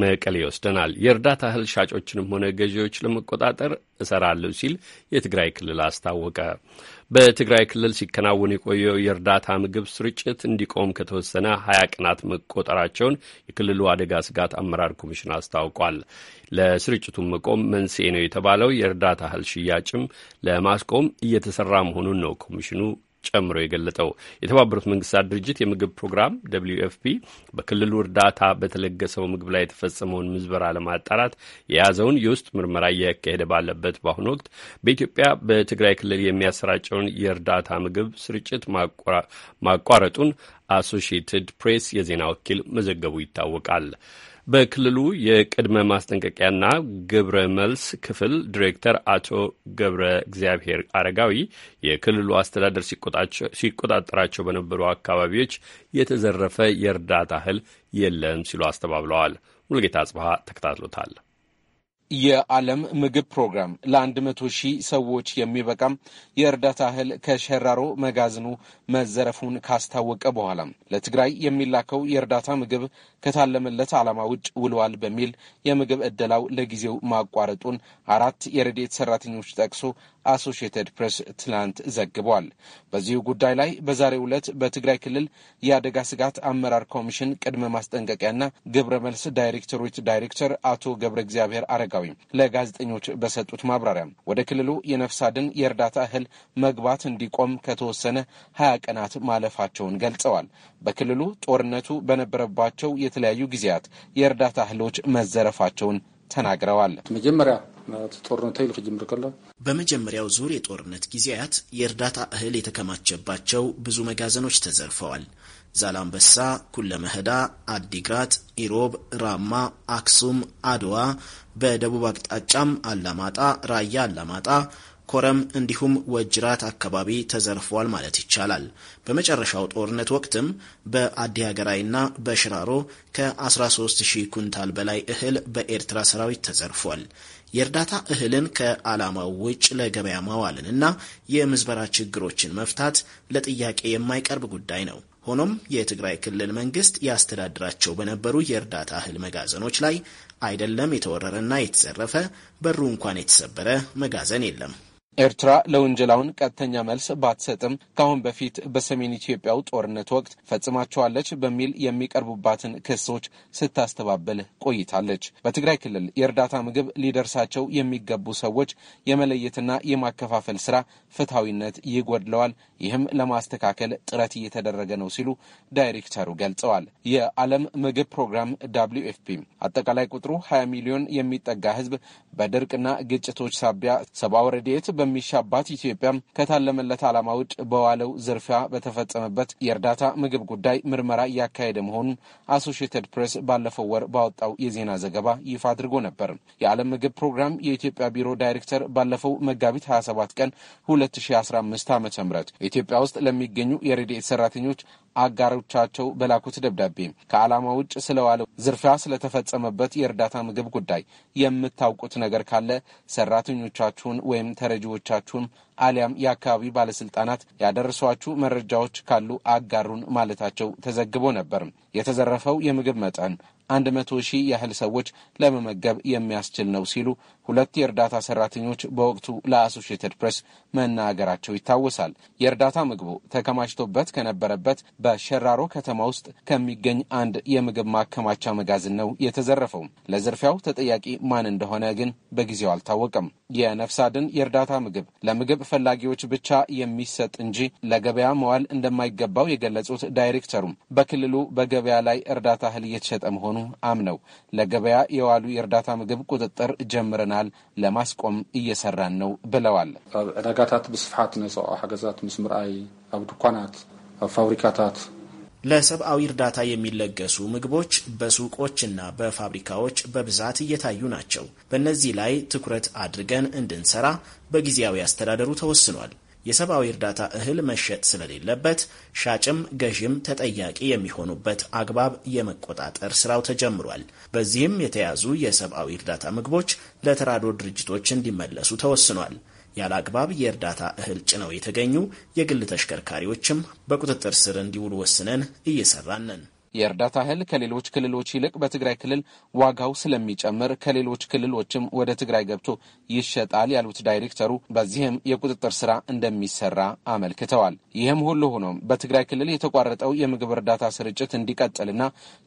መቀሌ ይወስደናል። የእርዳታ እህል ሻጮችንም ሆነ ገዢዎች ለመቆጣጠር እሰራለሁ ሲል የትግራይ ክልል አስታወቀ። በትግራይ ክልል ሲከናወን የቆየው የእርዳታ ምግብ ስርጭት እንዲቆም ከተወሰነ ሀያ ቀናት መቆጠራቸውን የክልሉ አደጋ ስጋት አመራር ኮሚሽን አስታውቋል። ለስርጭቱ መቆም መንስኤ ነው የተባለው የእርዳታ እህል ሽያጭም ለማስቆም እየተሰራ መሆኑን ነው ኮሚሽኑ ጨምሮ የገለጠው የተባበሩት መንግስታት ድርጅት የምግብ ፕሮግራም ደብልዩ ኤፍ ፒ በክልሉ እርዳታ በተለገሰው ምግብ ላይ የተፈጸመውን ምዝበራ ለማጣራት የያዘውን የውስጥ ምርመራ እያካሄደ ባለበት በአሁኑ ወቅት በኢትዮጵያ በትግራይ ክልል የሚያሰራጨውን የእርዳታ ምግብ ስርጭት ማቋረጡን አሶሺየትድ ፕሬስ የዜና ወኪል መዘገቡ ይታወቃል። በክልሉ የቅድመ ማስጠንቀቂያና ግብረ መልስ ክፍል ዲሬክተር አቶ ገብረ እግዚአብሔር አረጋዊ የክልሉ አስተዳደር ሲቆጣጠራቸው በነበሩ አካባቢዎች የተዘረፈ የእርዳታ እህል የለም ሲሉ አስተባብለዋል። ሙሉጌታ አጽብሃ ተከታትሎታል። የዓለም ምግብ ፕሮግራም ለአንድ መቶ ሺህ ሰዎች የሚበቃም የእርዳታ እህል ከሸራሮ መጋዘኑ መዘረፉን ካስታወቀ በኋላ ለትግራይ የሚላከው የእርዳታ ምግብ ከታለመለት ዓላማ ውጭ ውለዋል በሚል የምግብ እደላው ለጊዜው ማቋረጡን አራት የረድኤት ሰራተኞች ጠቅሶ አሶሺየትድ ፕሬስ ትላንት ዘግቧል። በዚሁ ጉዳይ ላይ በዛሬው ዕለት በትግራይ ክልል የአደጋ ስጋት አመራር ኮሚሽን ቅድመ ማስጠንቀቂያና ግብረ መልስ ዳይሬክተሮች ዳይሬክተር አቶ ገብረ እግዚአብሔር አረጋዊ ለጋዜጠኞች በሰጡት ማብራሪያ ወደ ክልሉ የነፍስ አድን የእርዳታ እህል መግባት እንዲቆም ከተወሰነ ሀያ ቀናት ማለፋቸውን ገልጸዋል። በክልሉ ጦርነቱ በነበረባቸው የተለያዩ ጊዜያት የእርዳታ እህሎች መዘረፋቸውን ተናግረዋል። መጀመሪያ ጦርነት ክጅምር ከሎ በመጀመሪያው ዙር የጦርነት ጊዜያት የእርዳታ እህል የተከማቸባቸው ብዙ መጋዘኖች ተዘርፈዋል። ዛላምበሳ፣ ኩለመህዳ፣ አዲግራት፣ ኢሮብ፣ ራማ፣ አክሱም፣ አድዋ፣ በደቡብ አቅጣጫም አላማጣ፣ ራያ አላማጣ ኮረም እንዲሁም ወጅራት አካባቢ ተዘርፏል ማለት ይቻላል። በመጨረሻው ጦርነት ወቅትም በአዲ ሀገራይና በሽራሮ ከ13000 ኩንታል በላይ እህል በኤርትራ ሰራዊት ተዘርፏል። የእርዳታ እህልን ከዓላማው ውጭ ለገበያ ማዋልንና የምዝበራ ችግሮችን መፍታት ለጥያቄ የማይቀርብ ጉዳይ ነው። ሆኖም የትግራይ ክልል መንግስት ያስተዳድራቸው በነበሩ የእርዳታ እህል መጋዘኖች ላይ አይደለም የተወረረና የተዘረፈ በሩ እንኳን የተሰበረ መጋዘን የለም። ኤርትራ ለውንጀላውን ቀጥተኛ መልስ ባትሰጥም ከአሁን በፊት በሰሜን ኢትዮጵያው ጦርነት ወቅት ፈጽማቸዋለች በሚል የሚቀርቡባትን ክሶች ስታስተባብል ቆይታለች። በትግራይ ክልል የእርዳታ ምግብ ሊደርሳቸው የሚገቡ ሰዎች የመለየትና የማከፋፈል ስራ ፍትሐዊነት ይጎድለዋል፣ ይህም ለማስተካከል ጥረት እየተደረገ ነው ሲሉ ዳይሬክተሩ ገልጸዋል። የዓለም ምግብ ፕሮግራም ዳብሊው ኤፍፒ አጠቃላይ ቁጥሩ 20 ሚሊዮን የሚጠጋ ህዝብ በድርቅና ግጭቶች ሳቢያ ሰብአዊ ረድኤት በሚሻባት ኢትዮጵያ ከታለመለት ዓላማ ውጭ በዋለው ዝርፊያ በተፈጸመበት የእርዳታ ምግብ ጉዳይ ምርመራ እያካሄደ መሆኑን አሶሺየትድ ፕሬስ ባለፈው ወር ባወጣው የዜና ዘገባ ይፋ አድርጎ ነበር። የዓለም ምግብ ፕሮግራም የኢትዮጵያ ቢሮ ዳይሬክተር ባለፈው መጋቢት 27 ቀን 2015 ዓ ም ኢትዮጵያ ውስጥ ለሚገኙ የረድኤት ሰራተኞች አጋሮቻቸው በላኩት ደብዳቤ ከዓላማ ውጭ ስለዋለው ዝርፊያ ስለተፈጸመበት የእርዳታ ምግብ ጉዳይ የምታውቁት ነገር ካለ ሰራተኞቻችሁን ወይም ተረጂዎቻችሁን አሊያም የአካባቢ ባለስልጣናት ያደረሷችሁ መረጃዎች ካሉ አጋሩን ማለታቸው ተዘግቦ ነበር። የተዘረፈው የምግብ መጠን አንድ መቶ ሺህ ያህል ሰዎች ለመመገብ የሚያስችል ነው ሲሉ ሁለት የእርዳታ ሰራተኞች በወቅቱ ለአሶሺየትድ ፕሬስ መናገራቸው ይታወሳል። የእርዳታ ምግቡ ተከማችቶበት ከነበረበት በሸራሮ ከተማ ውስጥ ከሚገኝ አንድ የምግብ ማከማቻ መጋዘን ነው የተዘረፈው። ለዝርፊያው ተጠያቂ ማን እንደሆነ ግን በጊዜው አልታወቀም። የነፍስ አድን የእርዳታ ምግብ ለምግብ ፈላጊዎች ብቻ የሚሰጥ እንጂ ለገበያ መዋል እንደማይገባው የገለጹት ዳይሬክተሩም በክልሉ በገበያ ላይ እርዳታ እህል እየተሸጠ መሆኑ አምነው ለገበያ የዋሉ የእርዳታ ምግብ ቁጥጥር ጀምረናል ሆነናል፣ ለማስቆም እየሰራን ነው ብለዋል። ኣብ ዕዳጋታት ብስፍሓት ናይ ሰብኣዊ ሓገዛት ምስ ምርኣይ ኣብ ድኳናት ኣብ ፋብሪካታት ለሰብአዊ እርዳታ የሚለገሱ ምግቦች በሱቆችና በፋብሪካዎች በብዛት እየታዩ ናቸው። በእነዚህ ላይ ትኩረት አድርገን እንድንሰራ በጊዜያዊ አስተዳደሩ ተወስኗል። የሰብአዊ እርዳታ እህል መሸጥ ስለሌለበት ሻጭም ገዥም ተጠያቂ የሚሆኑበት አግባብ የመቆጣጠር ስራው ተጀምሯል። በዚህም የተያዙ የሰብአዊ እርዳታ ምግቦች ለተራድኦ ድርጅቶች እንዲመለሱ ተወስኗል። ያለ አግባብ የእርዳታ እህል ጭነው የተገኙ የግል ተሽከርካሪዎችም በቁጥጥር ስር እንዲውሉ ወስነን እየሰራን ነን። የእርዳታ እህል ከሌሎች ክልሎች ይልቅ በትግራይ ክልል ዋጋው ስለሚጨምር ከሌሎች ክልሎችም ወደ ትግራይ ገብቶ ይሸጣል ያሉት ዳይሬክተሩ በዚህም የቁጥጥር ስራ እንደሚሰራ አመልክተዋል። ይህም ሁሉ ሆኖም በትግራይ ክልል የተቋረጠው የምግብ እርዳታ ስርጭት እንዲቀጥልና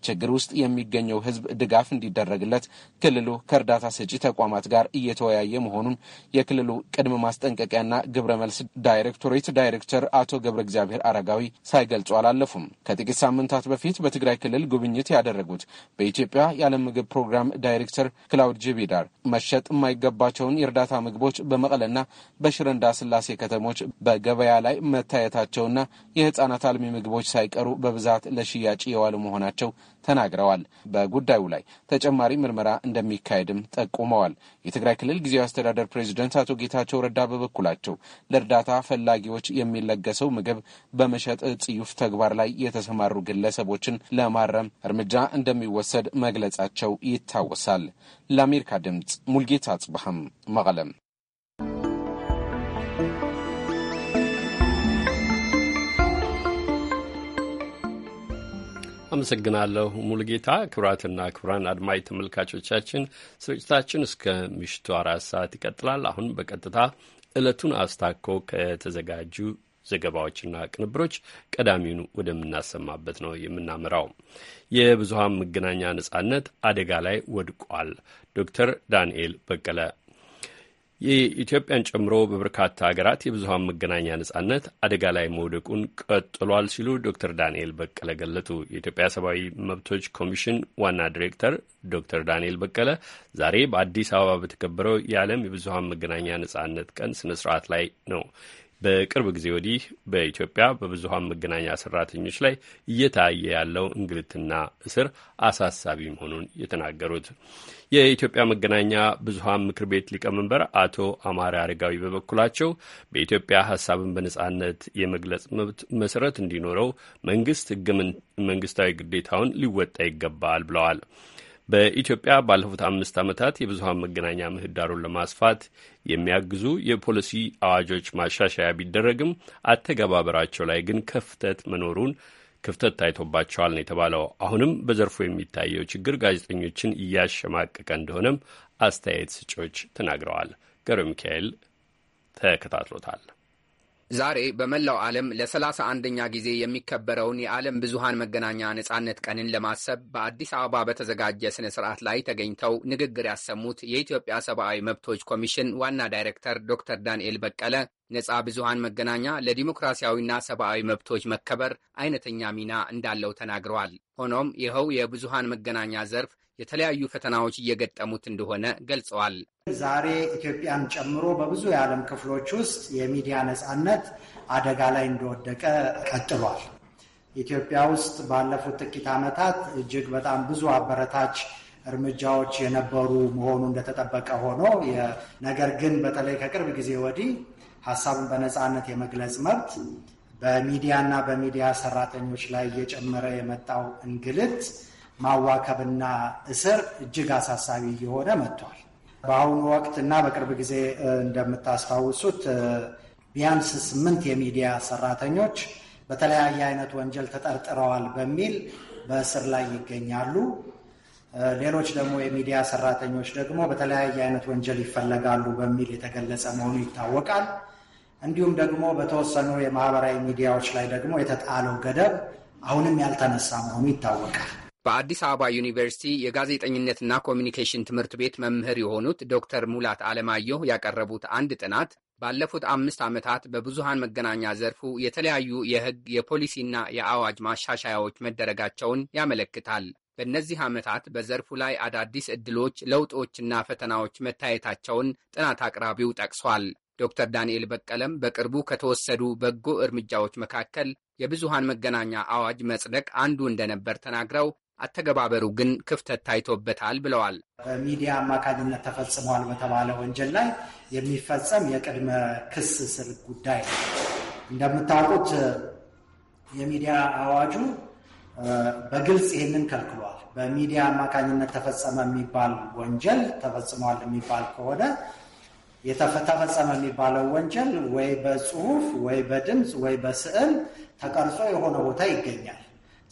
ችግር ውስጥ የሚገኘው ህዝብ ድጋፍ እንዲደረግለት ክልሉ ከእርዳታ ሰጪ ተቋማት ጋር እየተወያየ መሆኑን የክልሉ ቅድመ ማስጠንቀቂያና ግብረ መልስ ዳይሬክቶሬት ዳይሬክተር አቶ ገብረ እግዚአብሔር አረጋዊ ሳይገልጹ አላለፉም። ከጥቂት ሳምንታት በፊት በትግራይ ክልል ጉብኝት ያደረጉት በኢትዮጵያ የዓለም ምግብ ፕሮግራም ዳይሬክተር ክላውድ ጅቢዳር መሸጥ የማይገባቸውን የእርዳታ ምግቦች በመቀለና በሽረ እንዳስላሴ ከተሞች በገበያ ላይ መታየታቸውና የህጻናት አልሚ ምግቦች ሳይቀሩ በብዛት ለሽያጭ የዋሉ መሆናቸው ተናግረዋል። በጉዳዩ ላይ ተጨማሪ ምርመራ እንደሚካሄድም ጠቁመዋል። የትግራይ ክልል ጊዜያዊ አስተዳደር ፕሬዚደንት አቶ ጌታቸው ረዳ በበኩላቸው ለእርዳታ ፈላጊዎች የሚለገሰው ምግብ በመሸጥ ጽዩፍ ተግባር ላይ የተሰማሩ ግለሰቦችን ለማረም እርምጃ እንደሚወሰድ መግለጻቸው ይታወሳል። ለአሜሪካ ድምፅ ሙልጌታ አጽብሃም መቀለም አመሰግናለሁ ሙሉጌታ። ክቡራትና ክቡራን አድማጭ ተመልካቾቻችን ስርጭታችን እስከ ምሽቱ አራት ሰዓት ይቀጥላል። አሁን በቀጥታ ዕለቱን አስታኮ ከተዘጋጁ ዘገባዎችና ቅንብሮች ቀዳሚውን ወደምናሰማበት ነው የምናመራው። የብዙሀን መገናኛ ነጻነት አደጋ ላይ ወድቋል። ዶክተር ዳንኤል በቀለ የኢትዮጵያን ጨምሮ በበርካታ ሀገራት የብዙሀን መገናኛ ነጻነት አደጋ ላይ መውደቁን ቀጥሏል ሲሉ ዶክተር ዳንኤል በቀለ ገለጡ። የኢትዮጵያ ሰብአዊ መብቶች ኮሚሽን ዋና ዲሬክተር ዶክተር ዳንኤል በቀለ ዛሬ በአዲስ አበባ በተከበረው የዓለም የብዙሀን መገናኛ ነጻነት ቀን ስነ ስርዓት ላይ ነው በቅርብ ጊዜ ወዲህ በኢትዮጵያ በብዙሀን መገናኛ ሰራተኞች ላይ እየታየ ያለው እንግልትና እስር አሳሳቢ መሆኑን የተናገሩት የኢትዮጵያ መገናኛ ብዙሀን ምክር ቤት ሊቀመንበር አቶ አማሪ አረጋዊ በበኩላቸው በኢትዮጵያ ሀሳብን በነጻነት የመግለጽ መብት መሰረት እንዲኖረው መንግስት ህገ መንግስታዊ ግዴታውን ሊወጣ ይገባል ብለዋል። በኢትዮጵያ ባለፉት አምስት ዓመታት የብዙሀን መገናኛ ምህዳሩን ለማስፋት የሚያግዙ የፖሊሲ አዋጆች ማሻሻያ ቢደረግም አተገባበራቸው ላይ ግን ክፍተት መኖሩን ክፍተት ታይቶባቸዋል ነው የተባለው። አሁንም በዘርፉ የሚታየው ችግር ጋዜጠኞችን እያሸማቀቀ እንደሆነም አስተያየት ሰጪዎች ተናግረዋል። ገብረ ሚካኤል ተከታትሎታል። ዛሬ በመላው ዓለም ለሰላሳ አንደኛ ጊዜ የሚከበረውን የዓለም ብዙሃን መገናኛ ነጻነት ቀንን ለማሰብ በአዲስ አበባ በተዘጋጀ ስነ ስርዓት ላይ ተገኝተው ንግግር ያሰሙት የኢትዮጵያ ሰብአዊ መብቶች ኮሚሽን ዋና ዳይሬክተር ዶክተር ዳንኤል በቀለ ነጻ ብዙሃን መገናኛ ለዲሞክራሲያዊና ሰብአዊ መብቶች መከበር አይነተኛ ሚና እንዳለው ተናግረዋል። ሆኖም ይኸው የብዙሃን መገናኛ ዘርፍ የተለያዩ ፈተናዎች እየገጠሙት እንደሆነ ገልጸዋል። ዛሬ ኢትዮጵያን ጨምሮ በብዙ የዓለም ክፍሎች ውስጥ የሚዲያ ነፃነት አደጋ ላይ እንደወደቀ ቀጥሏል። ኢትዮጵያ ውስጥ ባለፉት ጥቂት ዓመታት እጅግ በጣም ብዙ አበረታች እርምጃዎች የነበሩ መሆኑ እንደተጠበቀ ሆኖ ነገር ግን በተለይ ከቅርብ ጊዜ ወዲህ ሀሳብን በነፃነት የመግለጽ መብት በሚዲያ እና በሚዲያ ሰራተኞች ላይ እየጨመረ የመጣው እንግልት ማዋከብና እስር እጅግ አሳሳቢ እየሆነ መጥቷል። በአሁኑ ወቅት እና በቅርብ ጊዜ እንደምታስታውሱት ቢያንስ ስምንት የሚዲያ ሰራተኞች በተለያየ አይነት ወንጀል ተጠርጥረዋል በሚል በእስር ላይ ይገኛሉ። ሌሎች ደግሞ የሚዲያ ሰራተኞች ደግሞ በተለያየ አይነት ወንጀል ይፈለጋሉ በሚል የተገለጸ መሆኑ ይታወቃል። እንዲሁም ደግሞ በተወሰኑ የማህበራዊ ሚዲያዎች ላይ ደግሞ የተጣለው ገደብ አሁንም ያልተነሳ መሆኑ ይታወቃል። በአዲስ አበባ ዩኒቨርሲቲ የጋዜጠኝነትና ኮሚኒኬሽን ትምህርት ቤት መምህር የሆኑት ዶክተር ሙላት አለማየሁ ያቀረቡት አንድ ጥናት ባለፉት አምስት ዓመታት በብዙሃን መገናኛ ዘርፉ የተለያዩ የሕግ የፖሊሲና የአዋጅ ማሻሻያዎች መደረጋቸውን ያመለክታል። በእነዚህ ዓመታት በዘርፉ ላይ አዳዲስ ዕድሎች፣ ለውጦችና ፈተናዎች መታየታቸውን ጥናት አቅራቢው ጠቅሷል። ዶክተር ዳንኤል በቀለም በቅርቡ ከተወሰዱ በጎ እርምጃዎች መካከል የብዙሃን መገናኛ አዋጅ መጽደቅ አንዱ እንደነበር ተናግረው አተገባበሩ ግን ክፍተት ታይቶበታል ብለዋል። በሚዲያ አማካኝነት ተፈጽሟል በተባለ ወንጀል ላይ የሚፈጸም የቅድመ ክስ ስር ጉዳይ ነው። እንደምታውቁት የሚዲያ አዋጁ በግልጽ ይህንን ከልክሏል። በሚዲያ አማካኝነት ተፈጸመ የሚባል ወንጀል ተፈጽሟል የሚባል ከሆነ የተፈጸመ የሚባለው ወንጀል ወይ በጽሁፍ ወይ በድምፅ ወይ በስዕል ተቀርጾ የሆነ ቦታ ይገኛል።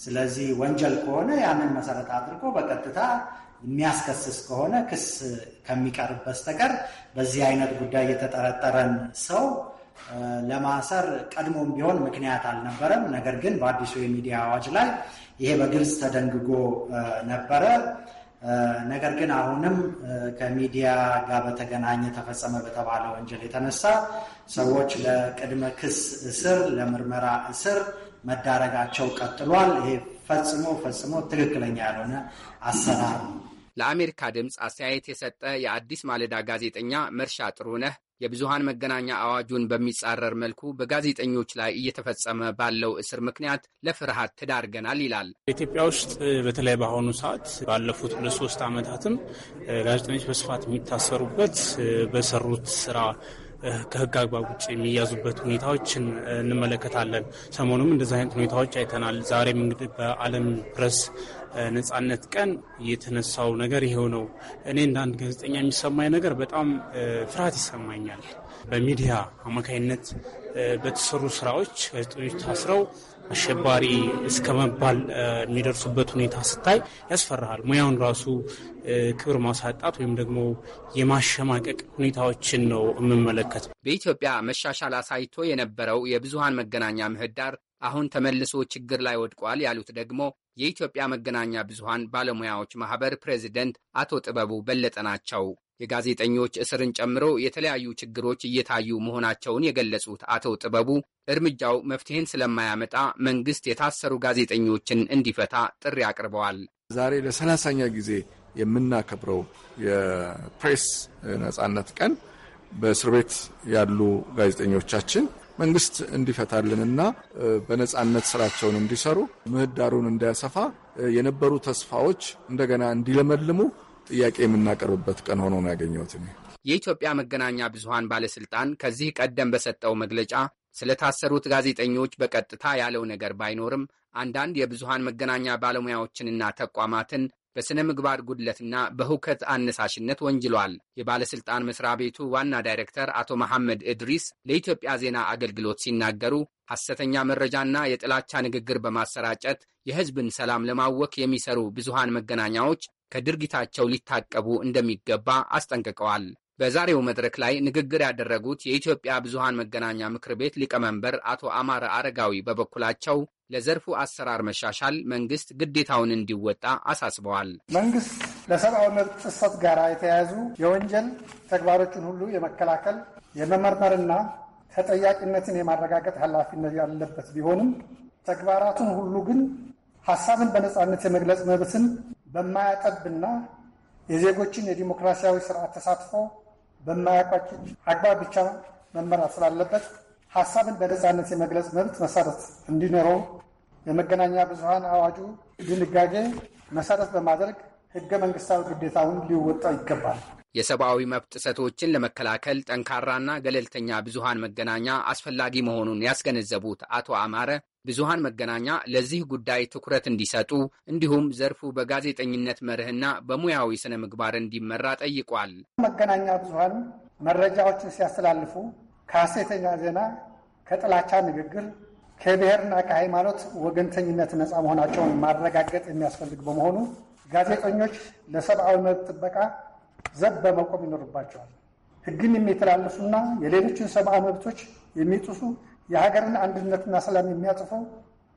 ስለዚህ ወንጀል ከሆነ ያንን መሰረት አድርጎ በቀጥታ የሚያስከስስ ከሆነ ክስ ከሚቀርብ በስተቀር በዚህ አይነት ጉዳይ የተጠረጠረን ሰው ለማሰር ቀድሞም ቢሆን ምክንያት አልነበረም። ነገር ግን በአዲሱ የሚዲያ አዋጅ ላይ ይሄ በግልጽ ተደንግጎ ነበረ። ነገር ግን አሁንም ከሚዲያ ጋር በተገናኘ ተፈጸመ በተባለ ወንጀል የተነሳ ሰዎች ለቅድመ ክስ እስር፣ ለምርመራ እስር፣ መዳረጋቸው ቀጥሏል። ይሄ ፈጽሞ ፈጽሞ ትክክለኛ ያልሆነ አሰራር ነው። ለአሜሪካ ድምፅ አስተያየት የሰጠ የአዲስ ማለዳ ጋዜጠኛ መርሻ ጥሩነህ የብዙሃን መገናኛ አዋጁን በሚጻረር መልኩ በጋዜጠኞች ላይ እየተፈጸመ ባለው እስር ምክንያት ለፍርሃት ተዳርገናል ይላል። ኢትዮጵያ ውስጥ በተለይ በአሁኑ ሰዓት ባለፉት ሁለት ሶስት ዓመታትም ጋዜጠኞች በስፋት የሚታሰሩበት በሰሩት ስራ ከህግ አግባብ ውጭ የሚያዙበት ሁኔታዎችን እንመለከታለን። ሰሞኑም እንደዚህ አይነት ሁኔታዎች አይተናል። ዛሬም እንግዲህ በዓለም ፕረስ ነጻነት ቀን የተነሳው ነገር ይሄው ነው። እኔ እንደ አንድ ጋዜጠኛ የሚሰማኝ ነገር በጣም ፍርሃት ይሰማኛል። በሚዲያ አማካይነት በተሰሩ ስራዎች ጋዜጠኞች ታስረው አሸባሪ እስከ መባል የሚደርሱበት ሁኔታ ስታይ ያስፈራሃል። ሙያውን ራሱ ክብር ማሳጣት ወይም ደግሞ የማሸማቀቅ ሁኔታዎችን ነው የምመለከት። በኢትዮጵያ መሻሻል አሳይቶ የነበረው የብዙሃን መገናኛ ምህዳር አሁን ተመልሶ ችግር ላይ ወድቋል ያሉት ደግሞ የኢትዮጵያ መገናኛ ብዙሃን ባለሙያዎች ማህበር ፕሬዚደንት አቶ ጥበቡ በለጠ ናቸው። የጋዜጠኞች እስርን ጨምሮ የተለያዩ ችግሮች እየታዩ መሆናቸውን የገለጹት አቶ ጥበቡ እርምጃው መፍትሄን ስለማያመጣ መንግስት የታሰሩ ጋዜጠኞችን እንዲፈታ ጥሪ አቅርበዋል። ዛሬ ለሰላሳኛ ጊዜ የምናከብረው የፕሬስ ነጻነት ቀን በእስር ቤት ያሉ ጋዜጠኞቻችን መንግስት እንዲፈታልንና በነጻነት ስራቸውን እንዲሰሩ ምህዳሩን እንዳያሰፋ የነበሩ ተስፋዎች እንደገና እንዲለመልሙ ጥያቄ የምናቀርብበት ቀን ሆኖ ነው ያገኘሁት። የኢትዮጵያ መገናኛ ብዙሃን ባለስልጣን ከዚህ ቀደም በሰጠው መግለጫ ስለታሰሩት ጋዜጠኞች በቀጥታ ያለው ነገር ባይኖርም አንዳንድ የብዙሃን መገናኛ ባለሙያዎችንና ተቋማትን በሥነ ምግባር ጉድለትና በሁከት አነሳሽነት ወንጅሏል። የባለሥልጣን መሥሪያ ቤቱ ዋና ዳይሬክተር አቶ መሐመድ እድሪስ ለኢትዮጵያ ዜና አገልግሎት ሲናገሩ ሐሰተኛ መረጃና የጥላቻ ንግግር በማሰራጨት የሕዝብን ሰላም ለማወክ የሚሰሩ ብዙሃን መገናኛዎች ከድርጊታቸው ሊታቀቡ እንደሚገባ አስጠንቅቀዋል። በዛሬው መድረክ ላይ ንግግር ያደረጉት የኢትዮጵያ ብዙሃን መገናኛ ምክር ቤት ሊቀመንበር አቶ አማረ አረጋዊ በበኩላቸው ለዘርፉ አሰራር መሻሻል መንግስት ግዴታውን እንዲወጣ አሳስበዋል። መንግስት ለሰብአዊ መብት ጥሰት ጋር የተያያዙ የወንጀል ተግባሮችን ሁሉ የመከላከል የመመርመርና ተጠያቂነትን የማረጋገጥ ኃላፊነት ያለበት ቢሆንም ተግባራቱን ሁሉ ግን ሀሳብን በነፃነት የመግለጽ መብትን በማያጠብና የዜጎችን የዲሞክራሲያዊ ስርዓት ተሳትፎ በማያቋጭ አግባብ ብቻ መመራት ስላለበት ሀሳብን በነፃነት የመግለጽ መብት መሰረት እንዲኖረው የመገናኛ ብዙሀን አዋጁ ድንጋጌ መሰረት በማድረግ ህገ መንግስታዊ ግዴታውን ሊወጣ ይገባል። የሰብአዊ መብት ጥሰቶችን ለመከላከል ጠንካራና ገለልተኛ ብዙሃን መገናኛ አስፈላጊ መሆኑን ያስገነዘቡት አቶ አማረ ብዙሃን መገናኛ ለዚህ ጉዳይ ትኩረት እንዲሰጡ እንዲሁም ዘርፉ በጋዜጠኝነት መርህና በሙያዊ ስነ ምግባር እንዲመራ ጠይቋል። መገናኛ ብዙሃን መረጃዎችን ሲያስተላልፉ ከሐሰተኛ ዜና፣ ከጥላቻ ንግግር፣ ከብሔርና ከሃይማኖት ወገንተኝነት ነፃ መሆናቸውን ማረጋገጥ የሚያስፈልግ በመሆኑ ጋዜጠኞች ለሰብአዊ መብት ጥበቃ ዘብ በመቆም ይኖርባቸዋል። ሕግን የሚተላለፉና የሌሎችን ሰብአዊ መብቶች የሚጥሱ የሀገርን አንድነትና ሰላም የሚያጽፉ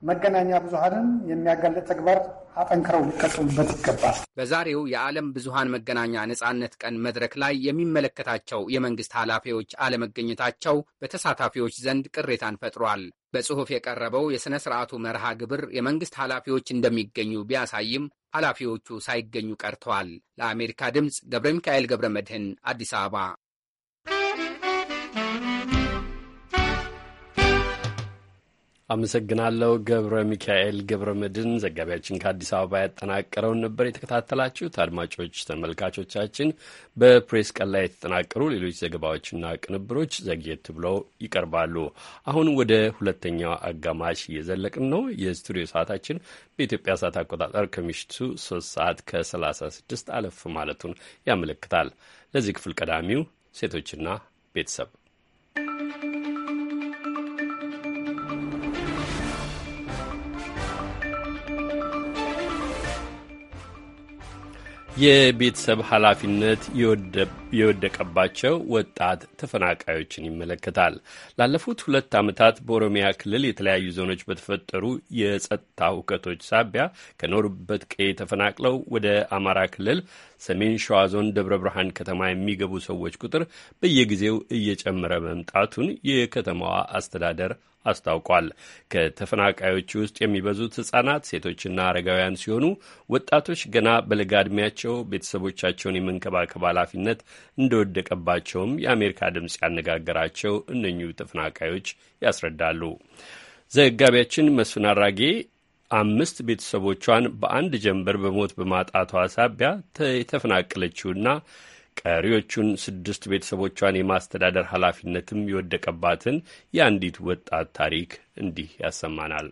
መገናኛ ብዙሃንን የሚያጋልጥ ተግባር አጠንክረው ሊቀጥሉበት ይገባል። በዛሬው የዓለም ብዙሃን መገናኛ ነጻነት ቀን መድረክ ላይ የሚመለከታቸው የመንግስት ኃላፊዎች አለመገኘታቸው በተሳታፊዎች ዘንድ ቅሬታን ፈጥሯል። በጽሑፍ የቀረበው የሥነ ሥርዓቱ መርሃ ግብር የመንግስት ኃላፊዎች እንደሚገኙ ቢያሳይም ኃላፊዎቹ ሳይገኙ ቀርተዋል። ለአሜሪካ ድምፅ ገብረ ሚካኤል ገብረ መድህን አዲስ አበባ አመሰግናለሁ ገብረ ሚካኤል ገብረ መድን ዘጋቢያችን ከአዲስ አበባ ያጠናቀረውን ነበር የተከታተላችሁት። አድማጮች፣ ተመልካቾቻችን በፕሬስ ቀን ላይ የተጠናቀሩ ሌሎች ዘገባዎችና ቅንብሮች ዘግየት ብለው ይቀርባሉ። አሁን ወደ ሁለተኛው አጋማሽ እየዘለቅን ነው። የስቱዲዮ ሰዓታችን በኢትዮጵያ ሰዓት አቆጣጠር ከምሽቱ ሶስት ሰዓት ከሰላሳ ስድስት አለፍ ማለቱን ያመለክታል። ለዚህ ክፍል ቀዳሚው ሴቶችና ቤተሰብ የቤተሰብ ኃላፊነት የወደቀባቸው ወጣት ተፈናቃዮችን ይመለከታል። ላለፉት ሁለት ዓመታት በኦሮሚያ ክልል የተለያዩ ዞኖች በተፈጠሩ የጸጥታ ሁከቶች ሳቢያ ከኖሩበት ቀዬ ተፈናቅለው ወደ አማራ ክልል ሰሜን ሸዋ ዞን ደብረ ብርሃን ከተማ የሚገቡ ሰዎች ቁጥር በየጊዜው እየጨመረ መምጣቱን የከተማዋ አስተዳደር አስታውቋል። ከተፈናቃዮች ውስጥ የሚበዙት ህጻናት፣ ሴቶችና አረጋውያን ሲሆኑ ወጣቶች ገና በለጋ ዕድሜያቸው ቤተሰቦቻቸውን የመንከባከብ ኃላፊነት እንደወደቀባቸውም የአሜሪካ ድምፅ ያነጋገራቸው እነኙ ተፈናቃዮች ያስረዳሉ። ዘጋቢያችን መስፍን አራጌ አምስት ቤተሰቦቿን በአንድ ጀንበር በሞት በማጣቷ ሳቢያ የተፈናቀለችውና ቀሪዎቹን ስድስት ቤተሰቦቿን የማስተዳደር ኃላፊነትም የወደቀባትን የአንዲት ወጣት ታሪክ እንዲህ ያሰማናል።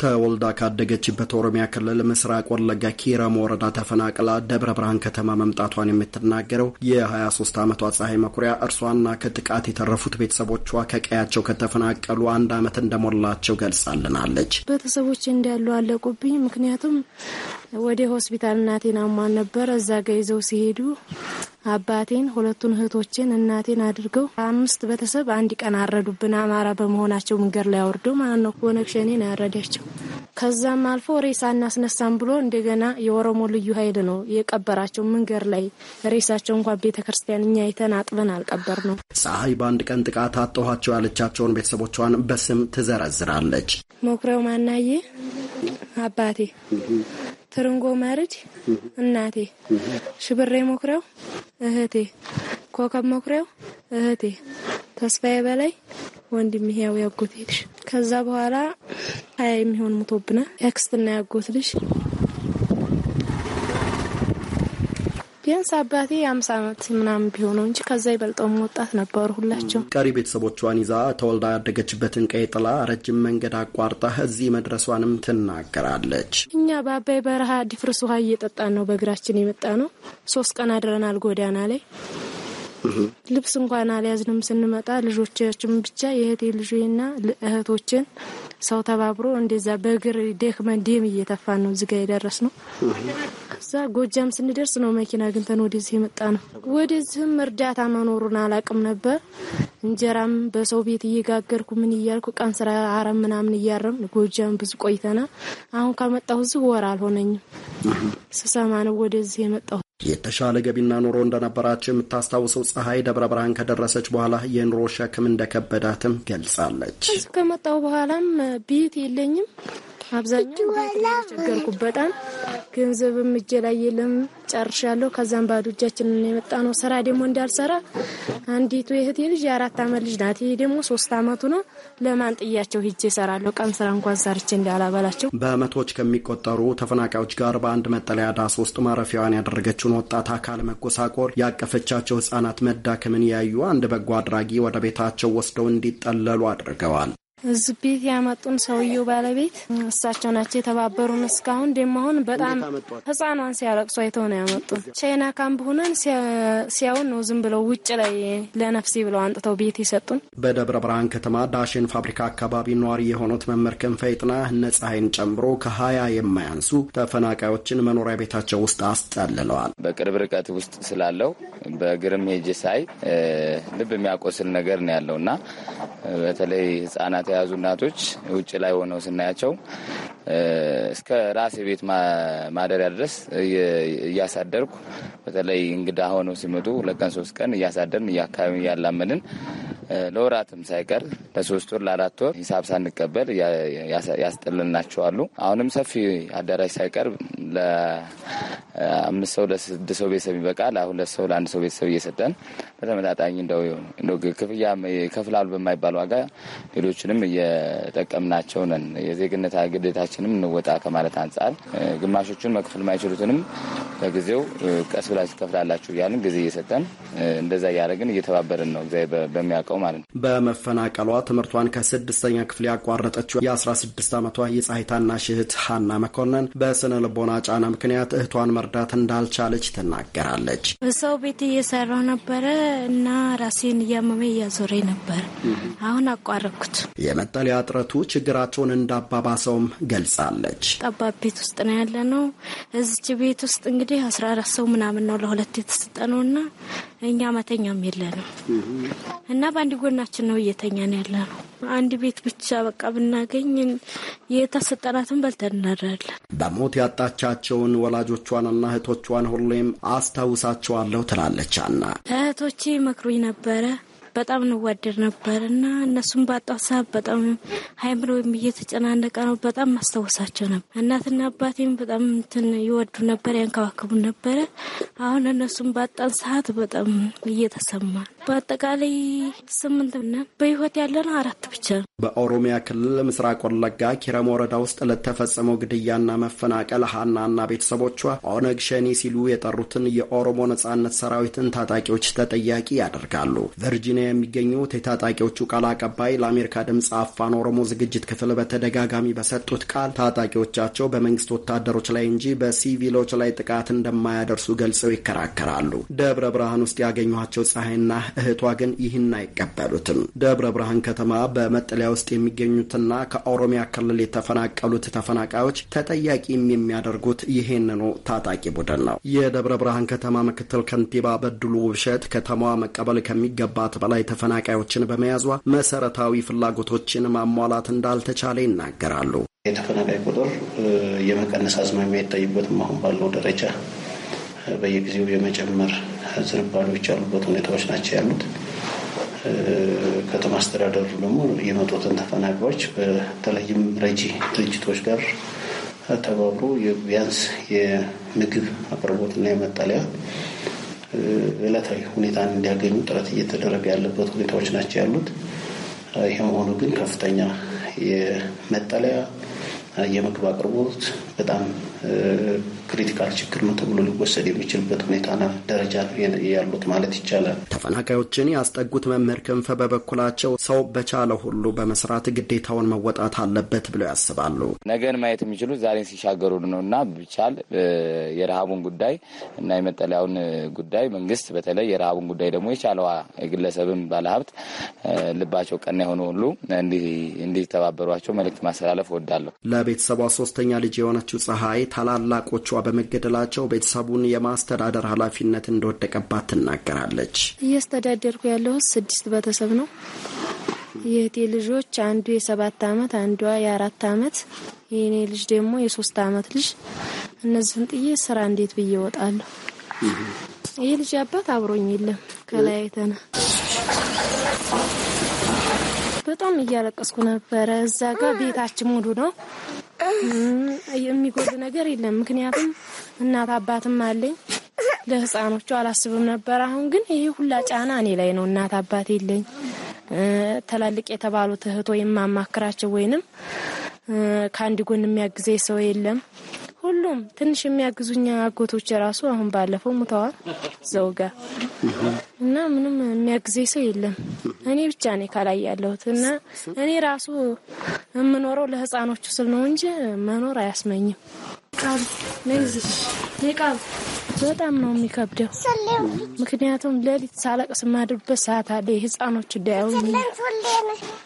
ተወልዳ ካደገችበት ኦሮሚያ ክልል ምስራቅ ወለጋ ኪረም ወረዳ ተፈናቅላ ደብረ ብርሃን ከተማ መምጣቷን የምትናገረው የ23 ዓመቷ ፀሐይ መኩሪያ እርሷና ከጥቃት የተረፉት ቤተሰቦቿ ከቀያቸው ከተፈናቀሉ አንድ ዓመት እንደሞላቸው ገልጻልናለች። ቤተሰቦች እንዳሉ አለቁብኝ። ምክንያቱም ወደ ሆስፒታል እናቴን አሟል ነበር እዛ ጋ ይዘው ሲሄዱ አባቴን፣ ሁለቱን እህቶቼን፣ እናቴን አድርገው አምስት ቤተሰብ አንድ ቀን አረዱብን። አማራ በመሆናቸው መንገድ ላይ አወርደው ማለት ነው። ኦነግ ሸኔን ያረዳቸው። ከዛም አልፎ ሬሳ እናስነሳም ብሎ እንደገና የኦሮሞ ልዩ ኃይል ነው የቀበራቸው መንገድ ላይ ሬሳቸው እንኳ ቤተ ክርስቲያን እኛ አይተን አጥበን አልቀበር ነው። ፀሐይ በአንድ ቀን ጥቃት አጠኋቸው ያለቻቸውን ቤተሰቦቿን በስም ትዘረዝራለች። መኩሪያው ማናዬ አባቴ ትርንጎ መርጅ እናቴ፣ ሽብሬ ሞክሪያው እህቴ፣ ኮከብ ሞክሪያው እህቴ፣ ተስፋዬ በላይ ወንድም ይሄው ያጎት ልጅ። ከዛ በኋላ ሀያ የሚሆን ሙቶብና ያክስትና ያጎት ልጅ ቢያንስ አባቴ የአምሳ ዓመት ምናምን ቢሆነው እንጂ ከዛ ይበልጠውም ወጣት ነበሩ ሁላቸው። ቀሪ ቤተሰቦቿን ይዛ ተወልዳ ያደገችበትን ቀይ ጥላ ረጅም መንገድ አቋርጣ እዚህ መድረሷንም ትናገራለች። እኛ በአባይ በረሃ ዲፍርስ ውሃ እየጠጣን ነው በእግራችን የመጣ ነው። ሶስት ቀን አድረናል ጎዳና ላይ ልብስ እንኳን አልያዝንም። ስንመጣ ልጆቻችን ብቻ የእህቴ ልጅና እህቶችን ሰው ተባብሮ እንደዛ በእግር ደክመን ደም እየተፋን ነው እዚጋ የደረስ ነው። እዛ ጎጃም ስንደርስ ነው መኪና አግኝተን ወደዚህ የመጣ ነው። ወደዚህም እርዳታ መኖሩን አላቅም ነበር። እንጀራም በሰው ቤት እየጋገርኩ ምን እያልኩ ቀን ስራ አረም ምናምን እያረም ጎጃም ብዙ ቆይተናል። አሁን ከመጣሁ እዚህ ወር አልሆነኝም። ስሰማ ነው ወደዚህ የመጣሁ። የተሻለ ገቢና ኑሮ እንደነበራቸው የምታስታውሰው ፀሐይ ደብረ ብርሃን ከደረሰች በኋላ የኑሮ ሸክም እንደከበዳትም ገልጻለች። ከመጣው በኋላም ቤት የለኝም አብዛኛው ተቸገርኩ በጣም ገንዘብ እጄ ላይ የለም ጨርሻለሁ። ከዛም ባዶ እጃችን የመጣ ነው። ስራ ደግሞ እንዳልሰራ አንዲቱ የእህቴ ልጅ የአራት አመት ልጅ ናት። ይሄ ደግሞ ሶስት አመቱ ነው። ለማን ጥያቸው ሂጄ እሰራለሁ? ቀን ስራ እንኳን ሰርቼ እንዳላበላቸው። በመቶዎች ከሚቆጠሩ ተፈናቃዮች ጋር በአንድ መጠለያ ዳስ ውስጥ ማረፊያዋን ያደረገችውን ወጣት አካል መጎሳቆር፣ ያቀፈቻቸው ህጻናት መዳከምን ያዩ አንድ በጎ አድራጊ ወደ ቤታቸው ወስደው እንዲጠለሉ አድርገዋል። እዚ ቤት ያመጡን ሰውየው ባለቤት እሳቸው ናቸው የተባበሩን። እስካሁን ደሞ አሁን በጣም ህፃኗን ሲያለቅሱ አይተው ነው ያመጡን። ቻይና ካምፕ ሆነን ሲያውን ነው ዝም ብለው ውጭ ላይ ለነፍሴ ብለው አንጥተው ቤት የሰጡን። በደብረ ብርሃን ከተማ ዳሽን ፋብሪካ አካባቢ ነዋሪ የሆኑት መምህር ክንፈ ይጥና ጨምሮ ከሀያ የማያንሱ ተፈናቃዮችን መኖሪያ ቤታቸው ውስጥ አስጠልለዋል። በቅርብ ርቀት ውስጥ ስላለው በግርም ሄጄ ሳይ ልብ የሚያቆስል ነገር ነው ያለው እና በተለይ ህጻናት የተያዙ እናቶች ውጭ ላይ ሆነው ስናያቸው እስከ ራሴ ቤት ማደሪያ ድረስ እያሳደርኩ በተለይ እንግዳ ሆነው ሲመጡ ሁለት ቀን ሶስት ቀን እያሳደርን እያካባቢ እያላመንን ለወራትም ሳይቀር ለሶስት ወር ለአራት ወር ሂሳብ ሳንቀበል ያስጥልናቸዋሉ። አሁንም ሰፊ አዳራሽ ሳይቀር ለአምስት ሰው ለስድስት ሰው ቤተሰብ ይበቃል። ለሁለት ሰው ለአንድ ሰው ቤተሰብ እየሰጠን በተመጣጣኝ እንደው ክፍያ ከፍላሉ በማይባል ዋጋ ሌሎችንም መንገዶችንም እየጠቀምናቸው ነን። የዜግነት ግዴታችንም እንወጣ ከማለት አንጻር ግማሾቹን መክፈል ማይችሉትንም ለጊዜው ቀስ ብላችሁ ትከፍላላችሁ እያልን ጊዜ እየሰጠን እንደዛ እያደረግን እየተባበርን ነው። እግዚአብሔር በሚያውቀው ማለት ነው። በመፈናቀሏ ትምህርቷን ከስድስተኛ ክፍል ያቋረጠችው የአስራ 16 ዓመቷ የፀሐይ ታናሽ እህት ሀና መኮንን በስነ ልቦና ጫና ምክንያት እህቷን መርዳት እንዳልቻለች ትናገራለች። ሰው ቤት እየሰራው ነበረ እና ራሴን እያመመ እያዞሬ ነበር። አሁን አቋረኩት። የመጠለያ እጥረቱ ችግራቸውን እንዳባባሰውም ገልጻለች። ጠባብ ቤት ውስጥ ነው ያለ ነው። እዚች ቤት ውስጥ እንግዲህ አስራ አራት ሰው ምናምን ነው ለሁለት ነው እና እኛ መተኛም የለንም እና በአንድ ጎናችን ነው ነው ያለ ነው። አንድ ቤት ብቻ በቃ ብናገኝ የተሰጠናትን በልተን እናድራለን። በሞት ያጣቻቸውን ወላጆቿንና እህቶቿን ሁሌም አስታውሳቸዋለሁ ትላለች አና እህቶቼ መክሩኝ ነበረ በጣም እንዋደድ ነበር እና እነሱም ባጣው ሰዓት በጣም ወይም እየተጨናነቀ ነው። በጣም ማስታወሳቸው ነበር። እናትና አባቴም በጣም እንትን ይወዱ ነበር፣ ያንከባከቡ ነበረ። አሁን እነሱም ባጣን ሰዓት በጣም እየተሰማ በአጠቃላይ ስምንት ነን። በህይወት ያለን አራት ብቻ ነው። በኦሮሚያ ክልል ምስራቅ ወለጋ ኪረም ወረዳ ውስጥ ለተፈጸመው ግድያና መፈናቀል ሀናና ቤተሰቦቿ ኦነግ ሸኔ ሲሉ የጠሩትን የኦሮሞ ነጻነት ሰራዊትን ታጣቂዎች ተጠያቂ ያደርጋሉ። ቨርጂኒያ ኬንያ የሚገኙት የታጣቂዎቹ ቃል አቀባይ ለአሜሪካ ድምፅ አፋን ኦሮሞ ዝግጅት ክፍል በተደጋጋሚ በሰጡት ቃል ታጣቂዎቻቸው በመንግስት ወታደሮች ላይ እንጂ በሲቪሎች ላይ ጥቃት እንደማያደርሱ ገልጸው ይከራከራሉ። ደብረ ብርሃን ውስጥ ያገኟቸው ፀሐይና እህቷ ግን ይህን አይቀበሉትም። ደብረ ብርሃን ከተማ በመጠለያ ውስጥ የሚገኙትና ከኦሮሚያ ክልል የተፈናቀሉት ተፈናቃዮች ተጠያቂም የሚያደርጉት ይህንኑ ታጣቂ ቡድን ነው። የደብረ ብርሃን ከተማ ምክትል ከንቲባ በድሉ ውብሸት ከተማዋ መቀበል ከሚገባት በላይ ተፈናቃዮችን በመያዟ መሰረታዊ ፍላጎቶችን ማሟላት እንዳልተቻለ ይናገራሉ። የተፈናቃይ ቁጥር የመቀነስ አዝማሚያ አይታይበትም። አሁን ባለው ደረጃ በየጊዜው የመጨመር ዝንባሌዎች ያሉበት ሁኔታዎች ናቸው ያሉት። ከተማ አስተዳደሩ ደግሞ የመጡትን ተፈናቃዮች በተለይም ረጂ ድርጅቶች ጋር ተባብሮ ቢያንስ የምግብ አቅርቦትና የመጠለያ ዕለታዊ ሁኔታን እንዲያገኙ ጥረት እየተደረገ ያለበት ሁኔታዎች ናቸው ያሉት። ይህ መሆኑ ግን ከፍተኛ የመጠለያ የምግብ አቅርቦት በጣም ክሪቲካል ችግር ነው ተብሎ ሊወሰድ የሚችልበት ሁኔታ ደረጃ ያሉት ማለት ይቻላል። ተፈናቃዮችን ያስጠጉት መምህር ክንፈ በበኩላቸው ሰው በቻለ ሁሉ በመስራት ግዴታውን መወጣት አለበት ብለው ያስባሉ። ነገን ማየት የሚችሉት ዛሬን ሲሻገሩ ነው እና ብቻል የረሃቡን ጉዳይ እና የመጠለያውን ጉዳይ መንግስት በተለይ የረሃቡን ጉዳይ ደግሞ የቻለዋ የግለሰብን ባለሀብት ልባቸው ቀና የሆነ ሁሉ እንዲተባበሯቸው መልእክት ማስተላለፍ እወዳለሁ። ለቤተሰቧ ሶስተኛ ልጅ የሆነችው ፀሐይ ታላላቆቿ በመገደላቸው ቤተሰቡን የማስተዳደር ኃላፊነት እንደወደቀባት ትናገራለች። እያስተዳደርኩ ያለሁት ስድስት ቤተሰብ ነው። የእህቴ ልጆች አንዱ የሰባት አመት አንዷ የአራት አመት የእኔ ልጅ ደግሞ የሶስት አመት ልጅ። እነዚህን ጥዬ ስራ እንዴት ብዬ እወጣለሁ? ይህ ልጅ አባት አብሮኝ የለም ከላይ በጣም እያለቀስኩ ነበረ። እዛ ጋር ቤታችን ሙሉ ነው፣ የሚጎድ ነገር የለም። ምክንያቱም እናት አባትም አለኝ ለህፃኖቹ አላስብም ነበር። አሁን ግን ይሄ ሁላ ጫና እኔ ላይ ነው። እናት አባት የለኝ። ትላልቅ የተባሉት እህት ወይም ማማክራቸው ወይንም ከአንድ ጎን የሚያግዘኝ ሰው የለም። ሁሉም ትንሽ የሚያግዙኝ አጎቶች ራሱ አሁን ባለፈው ሙተዋል ዘውጋ ጋር እና ምንም የሚያግዘኝ ሰው የለም። እኔ ብቻ ነኝ ከላይ ያለሁት እና እኔ ራሱ የምኖረው ለህፃኖቹ ስል ነው እንጂ መኖር አያስመኝም። በጣም ነው የሚከብደው። ምክንያቱም ሌሊት ሳለቅ ስማድርበት ሰዓት አለ የህፃኖች ዳያው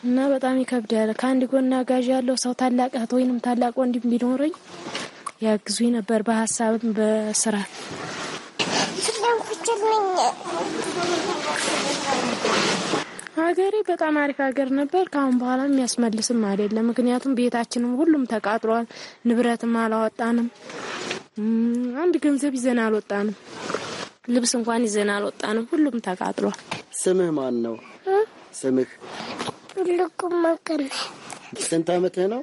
እና በጣም ይከብዳል። ከአንድ ጎን አጋዥ ያለው ሰው ታላቅ እህት ወይንም ታላቅ ወንድም ቢኖረኝ ያግዙኝ ነበር በሀሳብም በስራ ሀገሬ በጣም አሪፍ ሀገር ነበር። ከአሁን በኋላ የሚያስመልስም አይደለም። ምክንያቱም ቤታችንም ሁሉም ተቃጥሏል። ንብረትም አላወጣንም። አንድ ገንዘብ ይዘን አልወጣንም። ልብስ እንኳን ይዘን አልወጣንም። ሁሉም ተቃጥሏል። ስምህ ማን ነው? ስምህ ልቁ ስንት ዓመትህ ነው?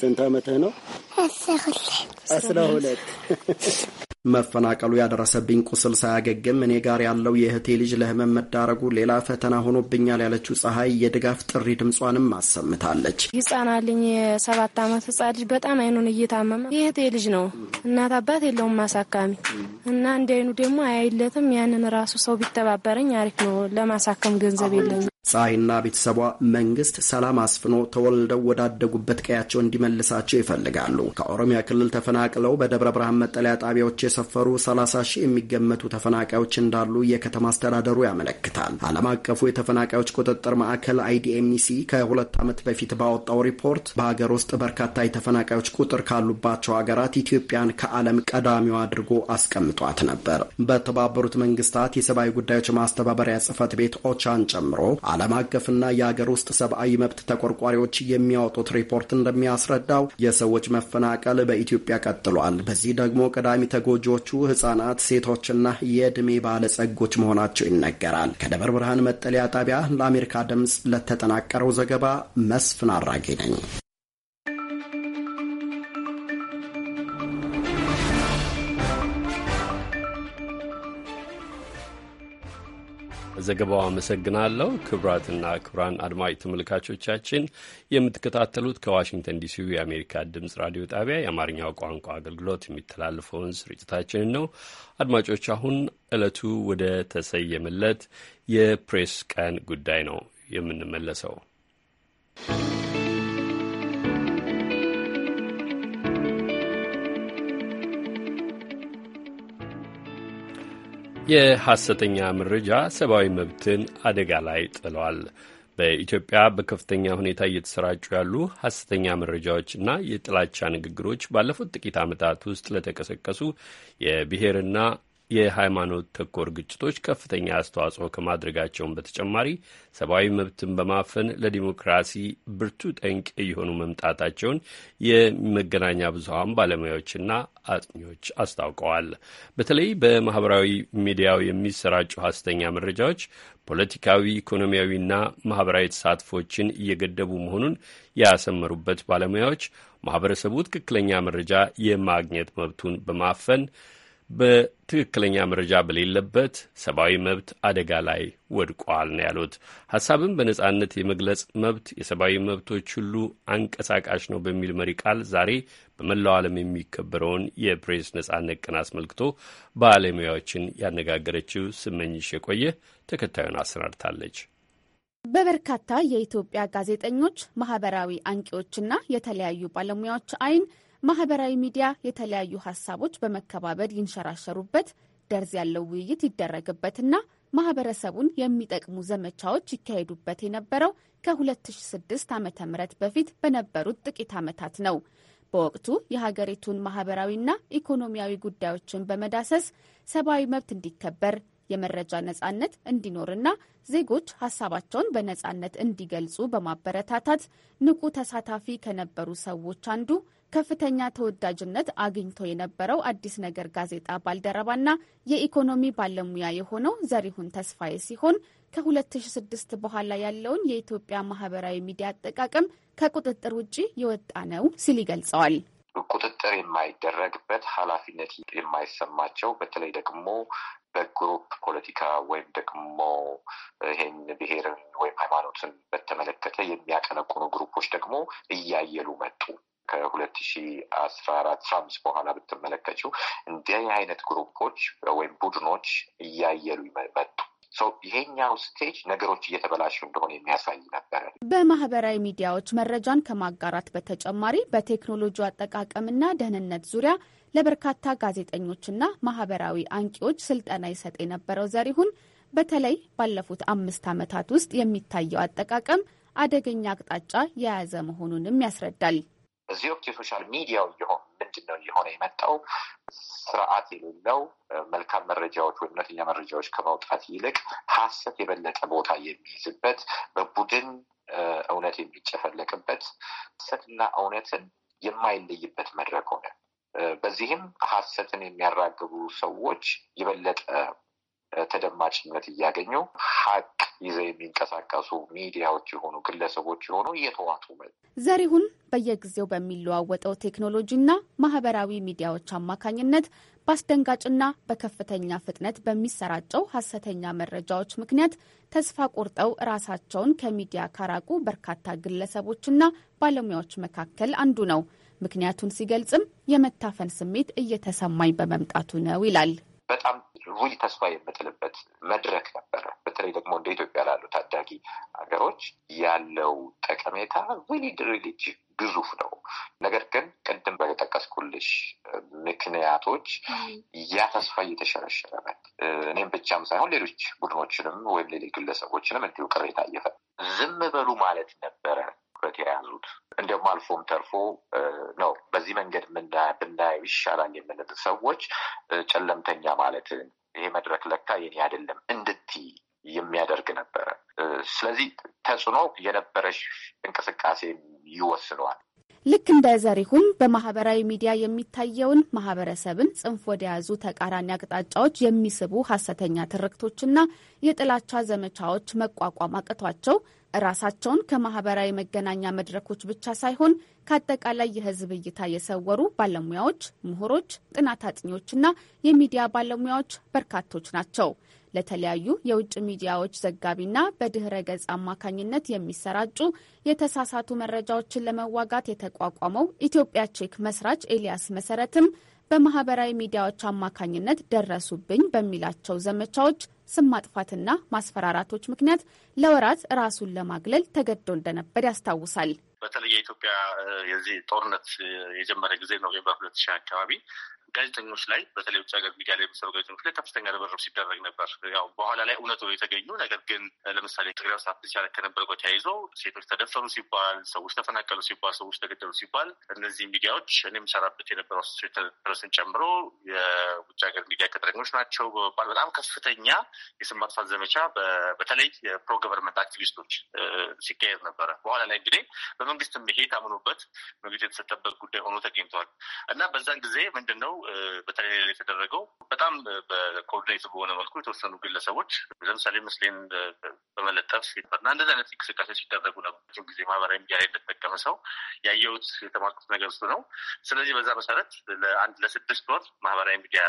ስንት ዓመትህ ነው? አስራ ሁለት መፈናቀሉ ያደረሰብኝ ቁስል ሳያገግም እኔ ጋር ያለው የእህቴ ልጅ ለህመም መዳረጉ ሌላ ፈተና ሆኖብኛል ያለችው ፀሐይ የድጋፍ ጥሪ ድምጿንም አሰምታለች። ይጻናልኝ የሰባት ዓመት ህጻን ልጅ በጣም አይኑን እየታመመ የእህቴ ልጅ ነው። እናት አባት የለውም አሳካሚ እና እንዲ አይኑ ደግሞ አያይለትም። ያንን ራሱ ሰው ቢተባበረኝ አሪፍ ነው። ለማሳከም ገንዘብ የለኝ። ፀሐይና ቤተሰቧ መንግስት ሰላም አስፍኖ ተወልደው ወዳደጉበት ቀያቸው እንዲመልሳቸው ይፈልጋሉ። ከኦሮሚያ ክልል ተፈናቅለው በደብረ ብርሃን መጠለያ ጣቢያዎች የሰፈሩ 30 ሺህ የሚገመቱ ተፈናቃዮች እንዳሉ የከተማ አስተዳደሩ ያመለክታል። ዓለም አቀፉ የተፈናቃዮች ቁጥጥር ማዕከል አይዲኤምሲ ከሁለት ዓመት በፊት ባወጣው ሪፖርት በሀገር ውስጥ በርካታ የተፈናቃዮች ቁጥር ካሉባቸው ሀገራት ኢትዮጵያን ከዓለም ቀዳሚው አድርጎ አስቀምጧት ነበር። በተባበሩት መንግስታት የሰብአዊ ጉዳዮች ማስተባበሪያ ጽህፈት ቤት ኦቻን ጨምሮ ዓለም አቀፍና የሀገር ውስጥ ሰብአዊ መብት ተቆርቋሪዎች የሚያወጡት ሪፖርት እንደሚያስረዳው የሰዎች መፈናቀል በኢትዮጵያ ቀጥሏል። በዚህ ደግሞ ቀዳሚ ተጎጂ ልጆቹ ህጻናት፣ ሴቶችና የዕድሜ ባለጸጎች መሆናቸው ይነገራል። ከደብረ ብርሃን መጠለያ ጣቢያ ለአሜሪካ ድምፅ ለተጠናቀረው ዘገባ መስፍን አራጌ ነኝ። ዘገባው አመሰግናለሁ። ክቡራትና ክቡራን አድማጭ ተመልካቾቻችን የምትከታተሉት ከዋሽንግተን ዲሲ የአሜሪካ ድምፅ ራዲዮ ጣቢያ የአማርኛው ቋንቋ አገልግሎት የሚተላለፈውን ስርጭታችንን ነው። አድማጮች፣ አሁን ዕለቱ ወደ ተሰየመለት የፕሬስ ቀን ጉዳይ ነው የምንመለሰው። የሐሰተኛ መረጃ ሰብአዊ መብትን አደጋ ላይ ጥለዋል። በኢትዮጵያ በከፍተኛ ሁኔታ እየተሰራጩ ያሉ ሐሰተኛ መረጃዎችና የጥላቻ ንግግሮች ባለፉት ጥቂት ዓመታት ውስጥ ለተቀሰቀሱ የብሔርና የሃይማኖት ተኮር ግጭቶች ከፍተኛ አስተዋጽኦ ከማድረጋቸውን በተጨማሪ ሰብአዊ መብትን በማፈን ለዲሞክራሲ ብርቱ ጠንቅ እየሆኑ መምጣታቸውን የመገናኛ ብዙሀን ባለሙያዎችና አጥኚዎች አስታውቀዋል። በተለይ በማህበራዊ ሚዲያው የሚሰራጩ ሀሰተኛ መረጃዎች ፖለቲካዊ፣ ኢኮኖሚያዊና ማህበራዊ ተሳትፎችን እየገደቡ መሆኑን ያሰመሩበት ባለሙያዎች ማህበረሰቡ ትክክለኛ መረጃ የማግኘት መብቱን በማፈን በትክክለኛ መረጃ በሌለበት ሰብአዊ መብት አደጋ ላይ ወድቋል ነው ያሉት። ሀሳብን በነጻነት የመግለጽ መብት የሰብአዊ መብቶች ሁሉ አንቀሳቃሽ ነው በሚል መሪ ቃል ዛሬ በመላው ዓለም የሚከበረውን የፕሬስ ነጻነት ቀን አስመልክቶ ባለሙያዎችን ያነጋገረችው ስመኝሽ የቆየ ተከታዩን አሰናድታለች። በበርካታ የኢትዮጵያ ጋዜጠኞች፣ ማህበራዊ አንቂዎችና የተለያዩ ባለሙያዎች አይን ማህበራዊ ሚዲያ የተለያዩ ሀሳቦች በመከባበር ይንሸራሸሩበት፣ ደርዝ ያለው ውይይት ይደረግበትና ማህበረሰቡን የሚጠቅሙ ዘመቻዎች ይካሄዱበት የነበረው ከ2006 ም በፊት በነበሩት ጥቂት ዓመታት ነው። በወቅቱ የሀገሪቱን ማህበራዊና ኢኮኖሚያዊ ጉዳዮችን በመዳሰስ ሰብአዊ መብት እንዲከበር የመረጃ ነጻነት እንዲኖርና ዜጎች ሀሳባቸውን በነጻነት እንዲገልጹ በማበረታታት ንቁ ተሳታፊ ከነበሩ ሰዎች አንዱ ከፍተኛ ተወዳጅነት አግኝቶ የነበረው አዲስ ነገር ጋዜጣ ባልደረባና የኢኮኖሚ ባለሙያ የሆነው ዘሪሁን ተስፋዬ ሲሆን ከ2006 በኋላ ያለውን የኢትዮጵያ ማህበራዊ ሚዲያ አጠቃቀም ከቁጥጥር ውጭ የወጣ ነው ሲል ይገልጸዋል። ቁጥጥር የማይደረግበት ኃላፊነት የማይሰማቸው በተለይ ደግሞ በግሩፕ ፖለቲካ ወይም ደግሞ ይሄን ብሔርን ወይም ሃይማኖትን በተመለከተ የሚያቀነቁኑ ግሩፖች ደግሞ እያየሉ መጡ። ከሁለት ሺ አስራ አራት አስራ አምስት በኋላ ብትመለከችው እንዲህ አይነት ግሩፖች ወይም ቡድኖች እያየሉ መጡ። ይሄኛው ስቴጅ ነገሮች እየተበላሹ እንደሆነ የሚያሳይ ነበረ። በማህበራዊ ሚዲያዎች መረጃን ከማጋራት በተጨማሪ በቴክኖሎጂ አጠቃቀምና ደህንነት ዙሪያ ለበርካታ ጋዜጠኞችና ማህበራዊ አንቂዎች ስልጠና ይሰጥ የነበረው ዘሪሁን በተለይ ባለፉት አምስት ዓመታት ውስጥ የሚታየው አጠቃቀም አደገኛ አቅጣጫ የያዘ መሆኑንም ያስረዳል። በዚህ ወቅት የሶሻል ሚዲያው ምንድን ነው እየሆነ የመጣው? ስርዓት የሌለው መልካም መረጃዎች ወይ እውነተኛ መረጃዎች ከመውጣት ይልቅ ሀሰት የበለጠ ቦታ የሚይዝበት በቡድን እውነት የሚጨፈለቅበት ሀሰትና እውነትን የማይለይበት መድረክ ሆነ። በዚህም ሀሰትን የሚያራግቡ ሰዎች የበለጠ ተደማጭነት እያገኙ ሀቅ ይዘው የሚንቀሳቀሱ ሚዲያዎች የሆኑ ግለሰቦች የሆኑ እየተዋጡ መ ዘሪሁን በየጊዜው በሚለዋወጠው ቴክኖሎጂና ማህበራዊ ሚዲያዎች አማካኝነት በአስደንጋጭና በከፍተኛ ፍጥነት በሚሰራጨው ሀሰተኛ መረጃዎች ምክንያት ተስፋ ቆርጠው ራሳቸውን ከሚዲያ ካራቁ በርካታ ግለሰቦችና ባለሙያዎች መካከል አንዱ ነው። ምክንያቱን ሲገልጽም የመታፈን ስሜት እየተሰማኝ በመምጣቱ ነው ይላል። በጣም ውይ ተስፋ የምጥልበት መድረክ ነበረ። በተለይ ደግሞ እንደ ኢትዮጵያ ላሉ ታዳጊ ሀገሮች ያለው ጠቀሜታ ሪሊ ሪሊ ግዙፍ ነው። ነገር ግን ቅድም በጠቀስኩልሽ ምክንያቶች ያ ተስፋ እየተሸረሸረ እኔም ብቻም ሳይሆን ሌሎች ቡድኖችንም ወይም ሌሎች ግለሰቦችንም እንዲሁ ቅሬታ እየፈ ዝም በሉ ማለት ነበረ ትኩረት የያዙት እንደውም አልፎም ተርፎ ነው በዚህ መንገድ ብናየው ይሻላል የምንል ሰዎች ጨለምተኛ ማለትን ይሄ መድረክ ለካ የኔ አይደለም እንድቲ የሚያደርግ ነበረ። ስለዚህ ተጽዕኖ የነበረሽ እንቅስቃሴ ይወስነዋል። ልክ እንደ ዘሪሁን በማህበራዊ ሚዲያ የሚታየውን ማህበረሰብን ጽንፍ ያዙ ተቃራኒ አቅጣጫዎች የሚስቡ ሀሰተኛ ትርክቶችና የጥላቻ ዘመቻዎች መቋቋም አቅቷቸው ራሳቸውን ከማህበራዊ መገናኛ መድረኮች ብቻ ሳይሆን ከአጠቃላይ የህዝብ እይታ የሰወሩ ባለሙያዎች፣ ምሁሮች፣ ጥናት አጥኚዎችና የሚዲያ ባለሙያዎች በርካቶች ናቸው። ለተለያዩ የውጭ ሚዲያዎች ዘጋቢና በድህረ ገጽ አማካኝነት የሚሰራጩ የተሳሳቱ መረጃዎችን ለመዋጋት የተቋቋመው ኢትዮጵያ ቼክ መስራች ኤልያስ መሰረትም በማህበራዊ ሚዲያዎች አማካኝነት ደረሱብኝ በሚላቸው ዘመቻዎች ስም ማጥፋትና ማስፈራራቶች ምክንያት ለወራት ራሱን ለማግለል ተገዶ እንደነበር ያስታውሳል። በተለይ የኢትዮጵያ የዚህ ጦርነት የጀመረ ጊዜ ኖቬምበር ሁለት ሺህ አካባቢ ጋዜጠኞች ላይ በተለይ ውጭ ሀገር ሚዲያ ላይ የሚሰሩ ጋዜጠኞች ላይ ከፍተኛ ርብርብ ሲደረግ ነበር። ያው በኋላ ላይ እውነቱ የተገኙ። ነገር ግን ለምሳሌ ትግራይ ውስጥ አዲስ ያለ ከነበረ ጋር ተያይዞ ሴቶች ተደፈሩ ሲባል፣ ሰዎች ተፈናቀሉ ሲባል፣ ሰዎች ተገደሉ ሲባል እነዚህ ሚዲያዎች እኔ የምሰራበት የነበረው አሶሲዬትድ ፕሬስን ጨምሮ የውጭ ሀገር ሚዲያ ቅጥረኞች ናቸው በመባል በጣም ከፍተኛ የስም ማጥፋት ዘመቻ በተለይ የፕሮ ገቨርንመንት አክቲቪስቶች ሲካሄድ ነበረ። በኋላ ላይ እንግዲህ መንግስትም ይሄ ታምኖበት መንግስት የተሰጠበት ጉዳይ ሆኖ ተገኝቷል እና በዛን ጊዜ ምንድን ነው በተለይ የተደረገው በጣም በኮኦርዲኔት በሆነ መልኩ የተወሰኑ ግለሰቦች ለምሳሌ ምስሌን በመለጠፍ እና እንደዚህ አይነት እንቅስቃሴ ሲደረጉ ነበር። ጊዜ ማህበራዊ ሚዲያ ላይ እንደተጠቀመ ሰው ያየሁት የተማርኩት ነገር እሱ ነው። ስለዚህ በዛ መሰረት ለአንድ ለስድስት ወር ማህበራዊ ሚዲያ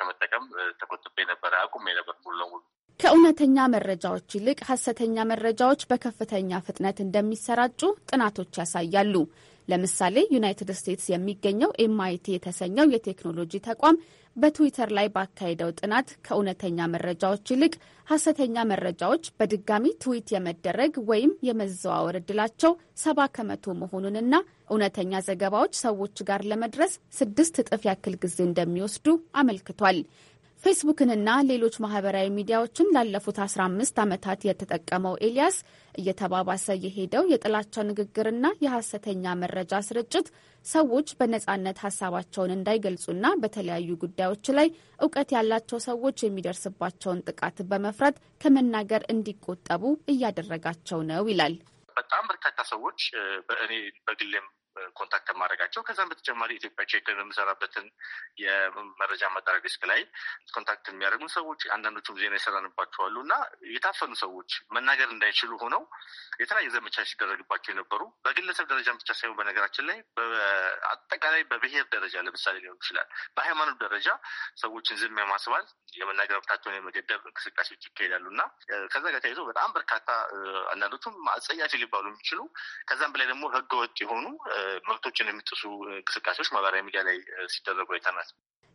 ከመጠቀም ተቆጥቤ ነበረ፣ አቁሜ ነበር ሙሉ ለሙሉ። ከእውነተኛ መረጃዎች ይልቅ ሀሰተኛ መረጃዎች በከፍተኛ ፍጥነት እንደሚሰራጩ ጥናቶች ጥናቶች ያሳያሉ። ለምሳሌ ዩናይትድ ስቴትስ የሚገኘው ኤምአይቲ የተሰኘው የቴክኖሎጂ ተቋም በትዊተር ላይ ባካሄደው ጥናት ከእውነተኛ መረጃዎች ይልቅ ሀሰተኛ መረጃዎች በድጋሚ ትዊት የመደረግ ወይም የመዘዋወር እድላቸው ሰባ ከመቶ መሆኑንና እውነተኛ ዘገባዎች ሰዎች ጋር ለመድረስ ስድስት እጥፍ ያክል ጊዜ እንደሚወስዱ አመልክቷል። ፌስቡክንና ሌሎች ማህበራዊ ሚዲያዎችን ላለፉት 15 ዓመታት የተጠቀመው ኤልያስ እየተባባሰ የሄደው የጥላቻ ንግግርና የሐሰተኛ መረጃ ስርጭት ሰዎች በነጻነት ሀሳባቸውን እንዳይገልጹና በተለያዩ ጉዳዮች ላይ እውቀት ያላቸው ሰዎች የሚደርስባቸውን ጥቃት በመፍራት ከመናገር እንዲቆጠቡ እያደረጋቸው ነው ይላል። በጣም በርካታ ሰዎች በእኔ በግሌም ኮንታክት ማድረጋቸው ከዛም በተጨማሪ ኢትዮጵያ ቼክ የምሰራበትን የመረጃ ማጣሪያ ዴስክ ላይ ኮንታክት የሚያደርጉን ሰዎች አንዳንዶቹም ዜና ይሰራንባቸዋሉ እና የታፈኑ ሰዎች መናገር እንዳይችሉ ሆነው የተለያየ ዘመቻ ሲደረግባቸው የነበሩ በግለሰብ ደረጃ ብቻ ሳይሆን በነገራችን ላይ አጠቃላይ በብሔር ደረጃ ለምሳሌ ሊሆን ይችላል። በሃይማኖት ደረጃ ሰዎችን ዝም የማስባል የመናገር መብታቸውን የመገደብ እንቅስቃሴዎች ይካሄዳሉ እና ከዛ ጋር ተያይዞ በጣም በርካታ አንዳንዶቹም አጸያፊ ሊባሉ የሚችሉ ከዛም በላይ ደግሞ ህገወጥ የሆኑ መብቶችን የሚጥሱ እንቅስቃሴዎች ማህበራዊ ሚዲያ ላይ ሲደረጉ አይተናል።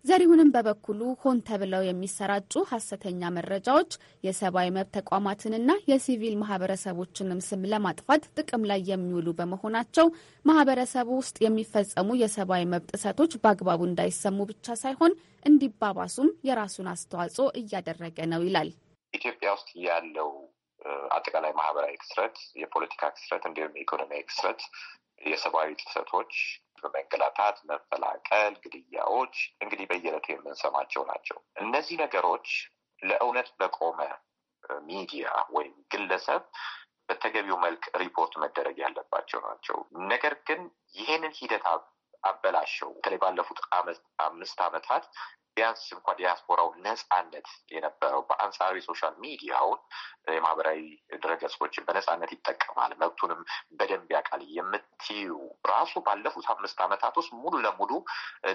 ዘሪሁንም በበኩሉ ሆን ተብለው የሚሰራጩ ሀሰተኛ መረጃዎች የሰብአዊ መብት ተቋማትንና የሲቪል ማህበረሰቦችንም ስም ለማጥፋት ጥቅም ላይ የሚውሉ በመሆናቸው ማህበረሰቡ ውስጥ የሚፈጸሙ የሰብአዊ መብት ጥሰቶች በአግባቡ እንዳይሰሙ ብቻ ሳይሆን እንዲባባሱም የራሱን አስተዋጽኦ እያደረገ ነው ይላል። ኢትዮጵያ ውስጥ ያለው አጠቃላይ ማህበራዊ ክስረት፣ የፖለቲካ ክስረት እንዲሁም የኢኮኖሚያዊ ክስረት የሰብአዊ ጥሰቶች በመንገላታት፣ መፈላቀል፣ ግድያዎች እንግዲህ በየዕለቱ የምንሰማቸው ናቸው። እነዚህ ነገሮች ለእውነት በቆመ ሚዲያ ወይም ግለሰብ በተገቢው መልክ ሪፖርት መደረግ ያለባቸው ናቸው። ነገር ግን ይህንን ሂደት አበላሸው። በተለይ ባለፉት አምስት ዓመታት ቢያንስ እንኳ ዲያስፖራው ነፃነት የነበረው በአንጻሩ የሶሻል ሚዲያውን የማህበራዊ ድረገጾችን በነፃነት ይጠቀማል መብቱንም በደንብ ያውቃል የምትዩ ራሱ ባለፉት አምስት ዓመታት ውስጥ ሙሉ ለሙሉ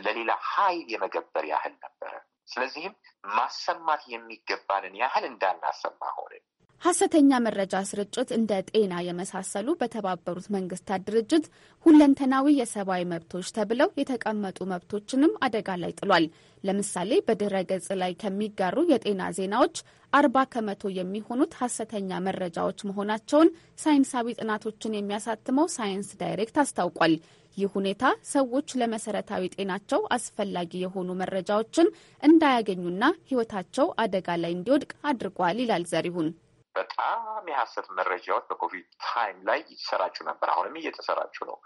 ለሌላ ሀይል የመገበር ያህል ነበረ። ስለዚህም ማሰማት የሚገባንን ያህል እንዳናሰማ ሆንን። ሐሰተኛ መረጃ ስርጭት እንደ ጤና የመሳሰሉ በተባበሩት መንግስታት ድርጅት ሁለንተናዊ የሰብአዊ መብቶች ተብለው የተቀመጡ መብቶችንም አደጋ ላይ ጥሏል። ለምሳሌ በድረ ገጽ ላይ ከሚጋሩ የጤና ዜናዎች አርባ ከመቶ የሚሆኑት ሐሰተኛ መረጃዎች መሆናቸውን ሳይንሳዊ ጥናቶችን የሚያሳትመው ሳይንስ ዳይሬክት አስታውቋል። ይህ ሁኔታ ሰዎች ለመሰረታዊ ጤናቸው አስፈላጊ የሆኑ መረጃዎችን እንዳያገኙና ሕይወታቸው አደጋ ላይ እንዲወድቅ አድርጓል ይላል ዘሪሁን። በጣም የሀሰት መረጃዎች በኮቪድ ታይም ላይ ይሰራጩ ነበር። አሁንም እየተሰራጩ ነው።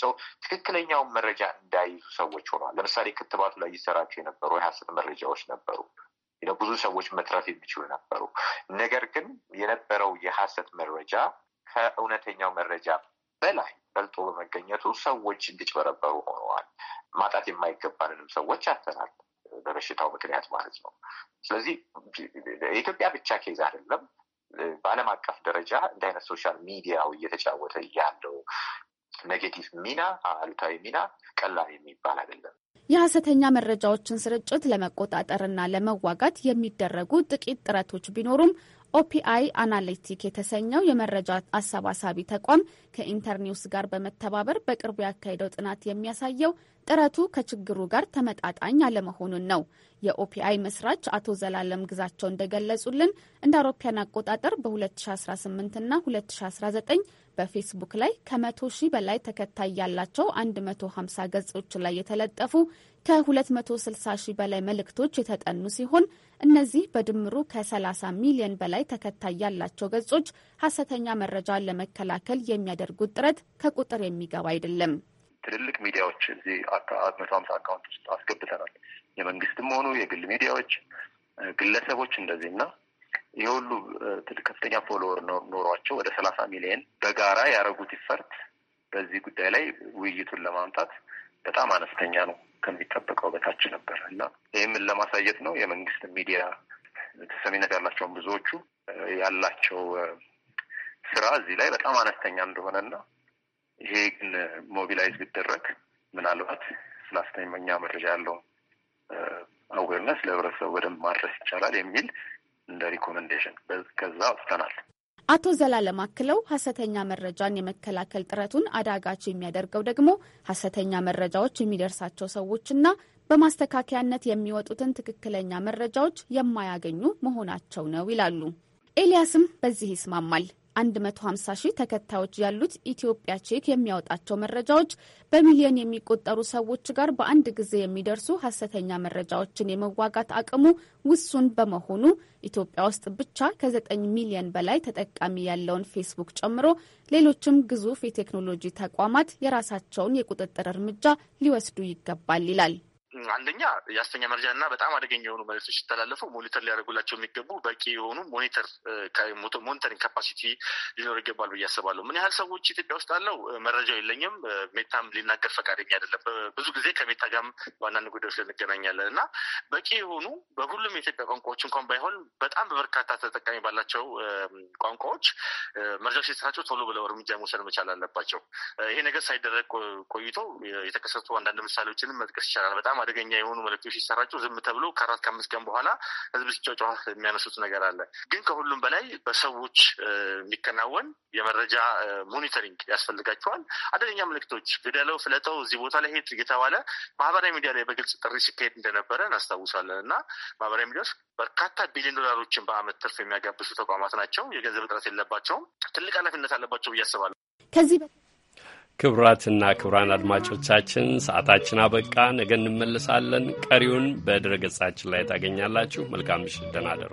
ሰው ትክክለኛውን መረጃ እንዳይዙ ሰዎች ሆኗል። ለምሳሌ ክትባቱ ላይ ይሰራጩ የነበሩ የሀሰት መረጃዎች ነበሩ። ብዙ ሰዎች መትረፍ የሚችሉ ነበሩ። ነገር ግን የነበረው የሀሰት መረጃ ከእውነተኛው መረጃ በላይ በልጦ በመገኘቱ ሰዎች እንዲጭበረበሩ ሆነዋል። ማጣት የማይገባንንም ሰዎች አተናል። በበሽታው ምክንያት ማለት ነው። ስለዚህ የኢትዮጵያ ብቻ ኬዝ አይደለም። በዓለም አቀፍ ደረጃ እንዲህ አይነት ሶሻል ሚዲያው እየተጫወተ ያለው ኔጌቲቭ ሚና አሉታዊ ሚና ቀላል የሚባል አይደለም። የሐሰተኛ መረጃዎችን ስርጭት ለመቆጣጠርና ለመዋጋት የሚደረጉ ጥቂት ጥረቶች ቢኖሩም ኦፒአይ አናሊቲክ የተሰኘው የመረጃ አሰባሳቢ ተቋም ከኢንተርኒውስ ጋር በመተባበር በቅርቡ ያካሄደው ጥናት የሚያሳየው ጥረቱ ከችግሩ ጋር ተመጣጣኝ አለመሆኑን ነው። የኦፒአይ መስራች አቶ ዘላለም ግዛቸው እንደገለጹልን እንደ አውሮፓያን አቆጣጠር በ2018 ና 2019 በፌስቡክ ላይ ከመቶ ሺህ በላይ ተከታይ ያላቸው 150 ገጾች ላይ የተለጠፉ ከ260 ሺህ በላይ መልእክቶች የተጠኑ ሲሆን እነዚህ በድምሩ ከ30 ሚሊዮን በላይ ተከታይ ያላቸው ገጾች ሀሰተኛ መረጃ ለመከላከል የሚያደርጉት ጥረት ከቁጥር የሚገባ አይደለም። ትልልቅ ሚዲያዎች እዚህ መቶ ሀምሳ አካውንት ውስጥ አስገብተናል። የመንግስትም ሆኑ የግል ሚዲያዎች፣ ግለሰቦች እንደዚህ እና ይህ ሁሉ ከፍተኛ ፎሎወር ኖሯቸው ወደ ሰላሳ ሚሊዮን በጋራ ያደረጉት ይፈርት በዚህ ጉዳይ ላይ ውይይቱን ለማምጣት በጣም አነስተኛ ነው፣ ከሚጠበቀው በታች ነበር እና ይህምን ለማሳየት ነው የመንግስት ሚዲያ ተሰሚነት ያላቸውን ብዙዎቹ ያላቸው ስራ እዚህ ላይ በጣም አነስተኛ እንደሆነና ይሄ ግን ሞቢላይዝ ቢደረግ ምናልባት ስለ መረጃ ያለው አዌርነስ ለህብረተሰቡ በደንብ ማድረስ ይቻላል የሚል እንደ ሪኮመንዴሽን ከዛ ወስደናል። አቶ ዘላለም አክለው ሀሰተኛ መረጃን የመከላከል ጥረቱን አዳጋች የሚያደርገው ደግሞ ሀሰተኛ መረጃዎች የሚደርሳቸው ሰዎችና በማስተካከያነት የሚወጡትን ትክክለኛ መረጃዎች የማያገኙ መሆናቸው ነው ይላሉ። ኤልያስም በዚህ ይስማማል። 150 ሺህ ተከታዮች ያሉት ኢትዮጵያ ቼክ የሚያወጣቸው መረጃዎች በሚሊዮን የሚቆጠሩ ሰዎች ጋር በአንድ ጊዜ የሚደርሱ ሀሰተኛ መረጃዎችን የመዋጋት አቅሙ ውሱን በመሆኑ ኢትዮጵያ ውስጥ ብቻ ከ9 ሚሊዮን በላይ ተጠቃሚ ያለውን ፌስቡክ ጨምሮ ሌሎችም ግዙፍ የቴክኖሎጂ ተቋማት የራሳቸውን የቁጥጥር እርምጃ ሊወስዱ ይገባል ይላል። አንደኛ የአስተኛ መረጃ እና በጣም አደገኛ የሆኑ መልእክቶች ሲተላለፉ ሞኒተር ሊያደርጉላቸው የሚገቡ በቂ የሆኑ ሞኒተር ሞኒተሪንግ ካፓሲቲ ሊኖር ይገባል ብዬ አስባለሁ። ምን ያህል ሰዎች ኢትዮጵያ ውስጥ አለው መረጃው የለኝም። ሜታም ሊናገር ፈቃደኛ አይደለም። ብዙ ጊዜ ከሜታ ጋም በአንዳንድ ጉዳዮች ልንገናኛለን እና በቂ የሆኑ በሁሉም የኢትዮጵያ ቋንቋዎች እንኳን ባይሆን በጣም በበርካታ ተጠቃሚ ባላቸው ቋንቋዎች መረጃዎች ሲሰራቸው ቶሎ ብለው እርምጃ መውሰድ መቻል አለባቸው። ይሄ ነገር ሳይደረግ ቆይቶ የተከሰቱ አንዳንድ ምሳሌዎችንም መጥቀስ ይቻላል በጣም አደገኛ የሆኑ መልክቶች ሲሰራጩ ዝም ተብሎ ከአራት ከአምስት ቀን በኋላ ህዝብ ሲጫጫ የሚያነሱት ነገር አለ። ግን ከሁሉም በላይ በሰዎች የሚከናወን የመረጃ ሞኒተሪንግ ያስፈልጋቸዋል። አደገኛ ምልክቶች ግደለው፣ ፍለጠው፣ እዚህ ቦታ ላይ ሄድ እየተባለ ማህበራዊ ሚዲያ ላይ በግልጽ ጥሪ ሲካሄድ እንደነበረ እናስታውሳለን እና ማህበራዊ ሚዲያዎች በርካታ ቢሊዮን ዶላሮችን በአመት ትርፍ የሚያጋብሱ ተቋማት ናቸው። የገንዘብ እጥረት የለባቸውም። ትልቅ ኃላፊነት አለባቸው ብዬ አስባለሁ። ከዚህ ክቡራትና ክቡራን አድማጮቻችን ሰዓታችን አበቃ። ነገ እንመልሳለን። ቀሪውን በድረ ገጻችን ላይ ታገኛላችሁ። መልካም ምሽት፣ ደህና እደሩ።